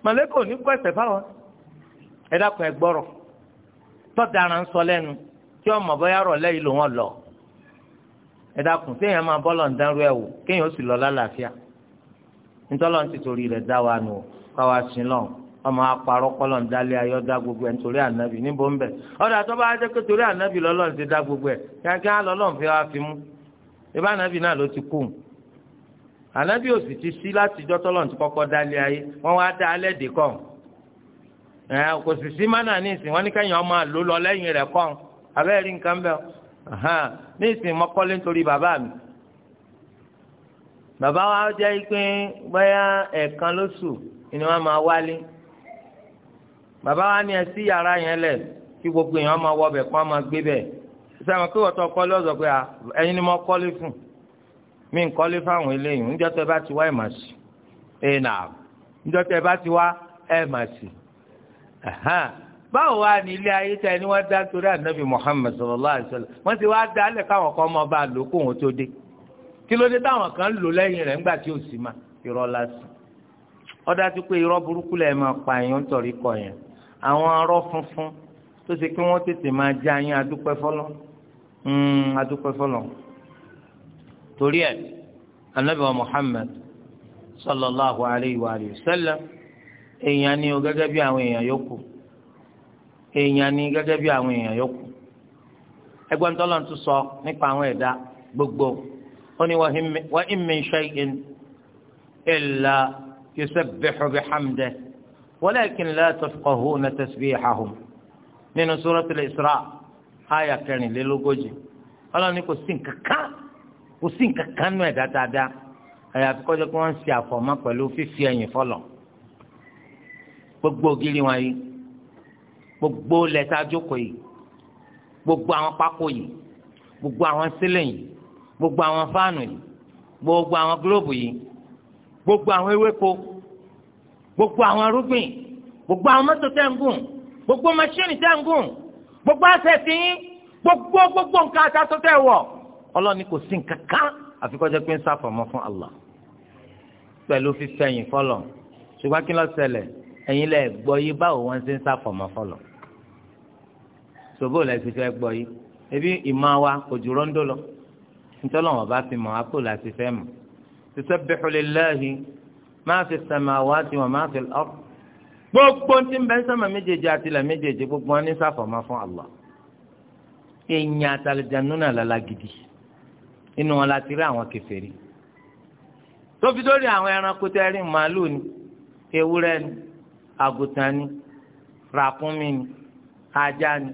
mọ̀lẹ́kọ̀ ní kọ́ ẹ̀sẹ̀ fáwọn ẹ dákun ẹ gbọ́rọ̀ tọ́daràn sọ lẹ́nu tí ọmọ bọ́yá rọ̀ lẹ́yìn ló wọ́n lọ ẹ dákun téèyàn máa bọ́lọ̀ ń dánrú ẹ̀ wò kéèyàn ó sì lọ lálàáfíà ńtọ́lọ́ ti torí rẹ̀ dá wa nù káwa sí lọ́hùn ọmọ akparọ kọlọ ń dalẹ ayọ dá gbogbo ẹ nítorí ànábì níbo ń bẹ ọdọ àtọ bá dé torí ànábì lọlọrun ti dá gbogbo ẹ kíákíá lọlọrun fi wá fi mú ibà ànábì náà ló ti kú ànábì ò sì ti sí láti jọ tọlọrun ti kọ́kọ́ dalẹ ayé wọn wá dá alẹ dè kàn ẹ kò sì sí mánà ní wọn ní kẹyìn ọmọ àlọ lọ lẹ́yìn rẹ̀ kàn abẹ́rẹ́ rí nǹkan bẹ́ẹ̀ ní ìsìn nítorí bàbá mi bàbá wa jẹ́ pé bóyá ẹ̀ẹ̀kan lóṣù ni wọ́n máa wálé baba wa ni ẹ sí yàrá yẹn lẹ̀ kí gbogbo èèyàn máa wọ bẹ̀ kó gbé bẹ̀ sẹ́wọ̀n kí ni mo kọ́lé fún mi ń kọ́lé fáwọn eléyìí níjọ́ tẹ́ bá ti wá ẹ̀ mà sí ẹ̀ nà níjọ́ tẹ́ bá ti wá mà sí báwo ilé ayé tẹ sallallahu wọn ti wá dá a lò kó wọn tó dé kí ló dé táwọn kan lò lẹ́yìn rẹ̀ ńgbà tí ọdá pé burúkú lẹ máa pa àwọn arọ́ funfun tó ṣe pé wọ́n tètè máa jẹ́ ayé adúpẹ́ fọlọ́ hmm, adúpẹ́ fọlọ́ torí ẹ̀ anabi wa Muhammad sallallahu alayhi wa sallam èèyàn ni o gẹ́gẹ́ bí àwọn èèyàn yòókù èèyàn ni gẹ́gẹ́ bí àwọn èèyàn yòókù ẹgbọ́n tọ́lọ́ tún sọ nípa àwọn ẹ̀dá gbogbo ó ní wa in min shay'in illa yusabbihu bihamdihi. ولكن لا tafqahuna tasbihahum من سورة الإسراء àyà kẹrìnlélógójì ọlọ́ni kò sí nǹkan kan kò sí nǹkan kan nù ẹ̀dá dáadáa àyàfi kọjá pé wọ́n ń ṣe àfọ̀mọ́ pẹ̀lú fífi ẹ̀yìn fọlọ̀ gbogbo ògiri wọn yìí gbogbo lẹ́tà jókòó yìí gbogbo àwọn pákó yìí gbogbo àwọn sílẹ̀ yìí gbogbo àwọn fáànù yìí gbogbo àwọn gílóòbù yìí gbogbo àwọn ewéko gbogbo àwọn arúgbìn gbogbo àwọn mọ́tò tẹ́ ń gùn gbogbo machine tẹ́ ń gùn gbogbo asẹ̀tì yín gbogbo gbogbo nǹkan àtàtọ́ tẹ́ wọ̀ ọlọ́ni kò sí nǹkan kan àfi pé ń sáfọ̀mọ́ fún Allah pẹ̀lú fífẹ̀yìn fọlọ̀ ṣùgbọ́n kí ló ṣẹlẹ̀ ẹ̀yin lẹ gbọ́ yí báwo wọ́n ṣe ń sáfọ̀mọ́ fọlọ̀ ṣòbó lẹ ti fẹ́ gbọ́ yí ebi ìmọ̀ wa kò jù rọ́ńdó lọ nítorí wọn bá fi mọ̀ wá kó la fẹ́ mọ̀ máa fi samawati wa máa fi al-ard gbogbo tí ń bẹ sánmà méjèèjì àti ilẹ̀ méjèèjì gbogbo wọn ní ṣàfọ̀mọ́ fún Allah èèyàn àtàlẹjànú náà lọla gidi inú wọn la ti rí àwọn kèfèrí tó fi dórí àwọn ẹranko tẹ rí màálùú ni ewúrẹ́ ni àgùntàn ni ràkúnmí ni ajá ni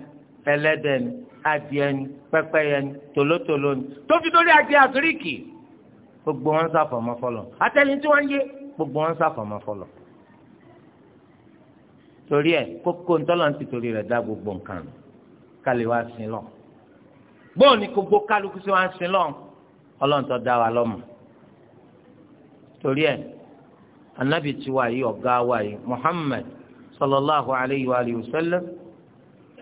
ẹlẹ́dẹ̀ ni adìẹ ni pẹ́pẹ́yẹ ni tòlótòló ni tó fi dórí adìẹ àtúríkì gbogbo wọn ṣàfọ̀mọ́ fọlọ àtẹni tí wọn yé gbogbo wọn sàfọmọ fọlọ torí ẹ kókó ntọ́lọ́ ti torí rẹ̀ dá gbogbo nǹkan kálí wá sí lọ bóun ni gbogbo kálukú sí wá sí lọ ọlọ́ntọ́ dá wa lọ́mọ torí ẹ anabi tiwa yìí ọ̀gá wa yìí Muhammad sallallahu alayhi wa alihi wa sallam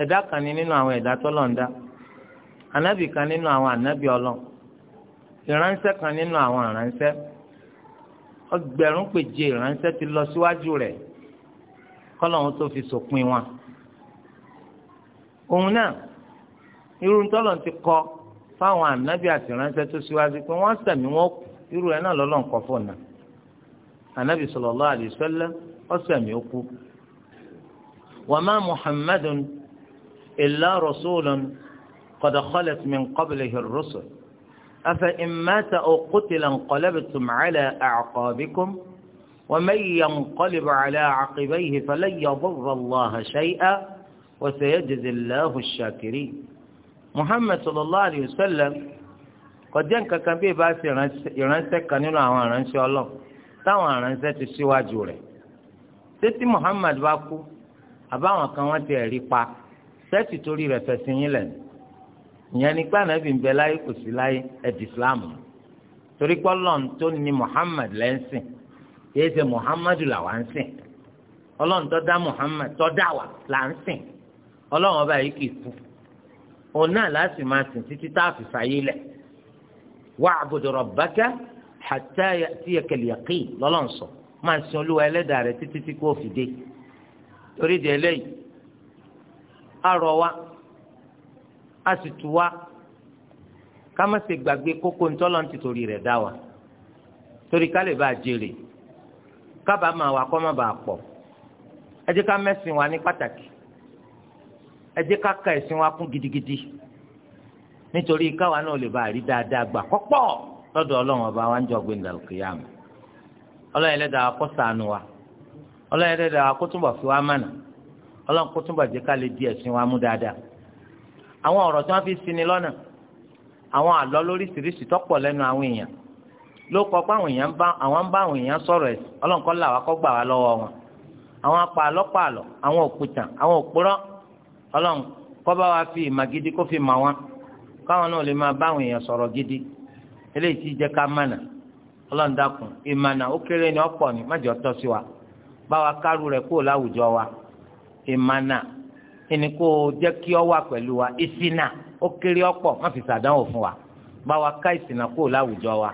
ẹ̀dá kan ni nínú àwọn ẹ̀dá tọ́lọ̀ ń dá anabi kan nínú àwọn anabi ọlọ́ ìránṣẹ́ kan nínú àwọn ìránṣẹ́ ọgbẹ̀rún pèjì ìránṣẹ́ ti lọ síwájú rẹ̀ kọ́lọ́hún tó fi sòpin wọn. òun náà irú tọ́lọ̀ ti kọ fáwọn ànábì àti ìránṣẹ́ tó síwájú pé wọ́n sẹ̀mí wọn kù irú ẹ̀ náà lọ́lọ́ nǹkan fún ọ̀nà ànábì sallallahu alaihi wasallam ó sẹ̀mí ó kú. Muhammadun illa rasulun qad khalat min qablihi أفإن مات أو قتل انقلبتم على أعقابكم ومن ينقلب على عقبيه فلن يضر الله شيئا وسيجزي الله الشاكرين Muhammad sallallahu alayhi wa sallam kọjá nǹkankan bí ìbá sí ìránṣẹ́ kan nínú àwọn ìránṣẹ́ Ọlọ́run táwọn ìránṣẹ́ ti síwájú rẹ̀ sétí Muhammad bá kú àbáwọn kan wọ́n ti ẹ̀rí pa sẹ́ẹ̀tì torí rẹ̀ fẹ̀sìn yín lẹ́nu ìyẹn ní pé ànábì bẹ láyé kò sí láyé islam torí pé ọlọ́run tó ní kì í ṣe ń sìn ọlọ́run tó dá là ń sìn ọlọ́run ọba yìí kì í kú òun náà láti máa sìn títí tá a fi fàyè lẹ̀ wa'budu rabbaka hatta dé torí di eléyìí a a sì tù wá ká má ṣe gbàgbé kókó ntọ́lọ́ ti torí rẹ̀ dá wa torí ká lè bá a jèrè kábàámà wa kọ́ má bàa pọ̀ ẹ jẹ́ ká mẹ́sìn wa ní pàtàkì ẹ jẹ́ ká ka ẹ̀sìn wa kún gidigidi nítorí káwa náà lè bá a rí dáadáa gbà kọ́pọ̀ lọ́dọ̀ ọlọ́run ọba wa ń jọ gbé ndàlùkìyàmù ọlọ́run ẹlẹ́dàá wa kó ṣàánú wa ọlọ́run ẹlẹ́dàá wa kó túnbọ̀ fi wa mánà ọlọ́run kó túnbọ̀ jẹ́ ká lè di ẹ̀sìn wa mú dáadáa. àwọn ọ̀rọ̀ tí wọ́n fi ṣini lọ́nà àwọn àlọ́ lóríṣiríṣi tọ́pọ̀ lẹ́nu àwọn èèyàn ló kọ pé àwọn èèyàn bá àwọn ń bá àwọn èèyàn sọ̀rọ̀ ẹ̀ ọlọ́nkọ́ là wá kọ́ gbà wá lọ́wọ́ wọn àwọn apàlọ́pàlọ́ àwọn òkúta àwọn òpùrọ́ fi ìmà gidi kó fi mà wọn káwọn náà lè máa bá àwọn èèyàn gidi eléyìí ti jẹ́ ká mànà ìmànà ó kéré ni ọ̀pọ̀ ni sí wa ẹni kó o jẹ́ kí ọ wà pẹ̀lú wa ìṣìnà ó kéré ọ̀pọ̀ má fi ṣàdánwò fún wa bá wa ká ìṣìnà kó o láwùjọ wa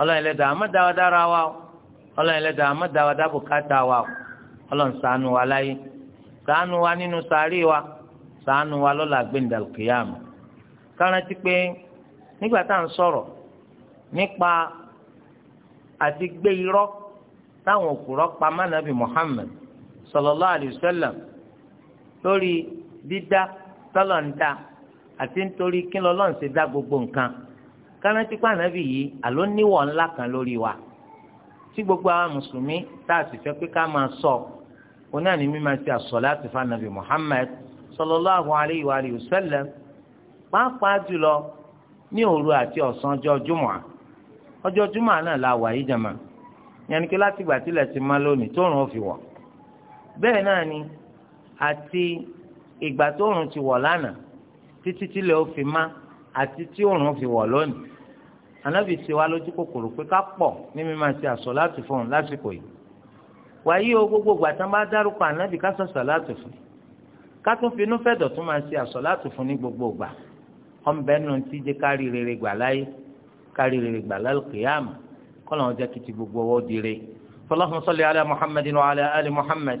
ọlọ́run ẹlẹ́dàá má dáwà dára wa o ọlọ́run ẹlẹ́dàá má dáwà dábò káta wa o ọlọ́run ṣàánú wa láyé ṣàánú wa nínú sàárì wa ṣàánú wa lọ́la gbẹ̀ndàlùkìyàmù kárántí pé nígbà tá à ń sọ̀rọ̀ nípa àti gbé irọ́ táwọn òkúrọ́ pa mánàbí Muhammad sallallahu alayhi wa lórí dídá tọ́lọ̀ ń dá àti nítorí kí lọ́lọ́ ń ṣe dá gbogbo nǹkan kárántí pàànàbì yìí àló níwọ̀ ńlá kan lórí wa tí gbogbo àwọn mùsùlùmí tá a sì fẹ́ pé ká máa sọ òun náà ní mímá ti àsọ̀láàtì fànàbì Muhammad sallallahu alayhi wa alihi wa sallam pàápàá jùlọ ní òru àti ọ̀sán ọjọ́ jùmọ̀ ọjọ́ jùmọ̀ náà la wà yìí jàmá ni kí látìgbà tilẹ̀ ti má lónìí tóòrùn ó fi wọ̀ bẹ́ẹ̀ náà ni àti ìgbà tó òòrùn ti wọ̀ lánàá títí tílẹ̀ ó fi má àti tí òòrùn fi wọ̀ lónìí anábì ṣe wá lójú kòkòrò pé ká pọ̀ ní mímọ àti àsọ láti fún un lásìkò yìí wàyí o gbogbo gbàtàn bá dárúkọ anábì ká sọ̀sọ̀ láti fún un ká tún finú fẹ̀dọ̀ tún máa ṣe àsọ láti fún un ní gbogbo gbà ọ̀nbẹ nù ti jẹ́ kárí rere gbà láyé kárí rere gbà lálùkìyàmù kọ́lọ́n jẹ́ kìtì gbogbo ọwọ́ dire. fọlọ́fún sọ́lé ala muhammadin wa ala ali muhammad.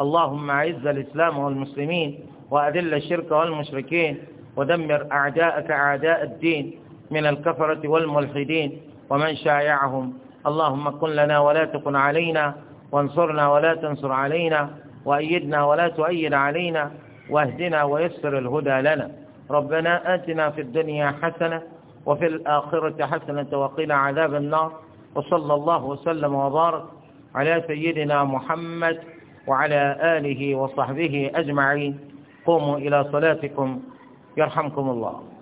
اللهم أعز الإسلام والمسلمين وأذل الشرك والمشركين ودمر أعداءك أعداء الدين من الكفرة والملحدين ومن شايعهم اللهم كن لنا ولا تكن علينا وانصرنا ولا تنصر علينا وأيدنا ولا تؤيد علينا واهدنا ويسر الهدى لنا ربنا آتنا في الدنيا حسنة وفي الآخرة حسنة وقنا عذاب النار وصلى الله وسلم وبارك على سيدنا محمد وعلى آله وصحبه أجمعين قوموا إلى صلاتكم يرحمكم الله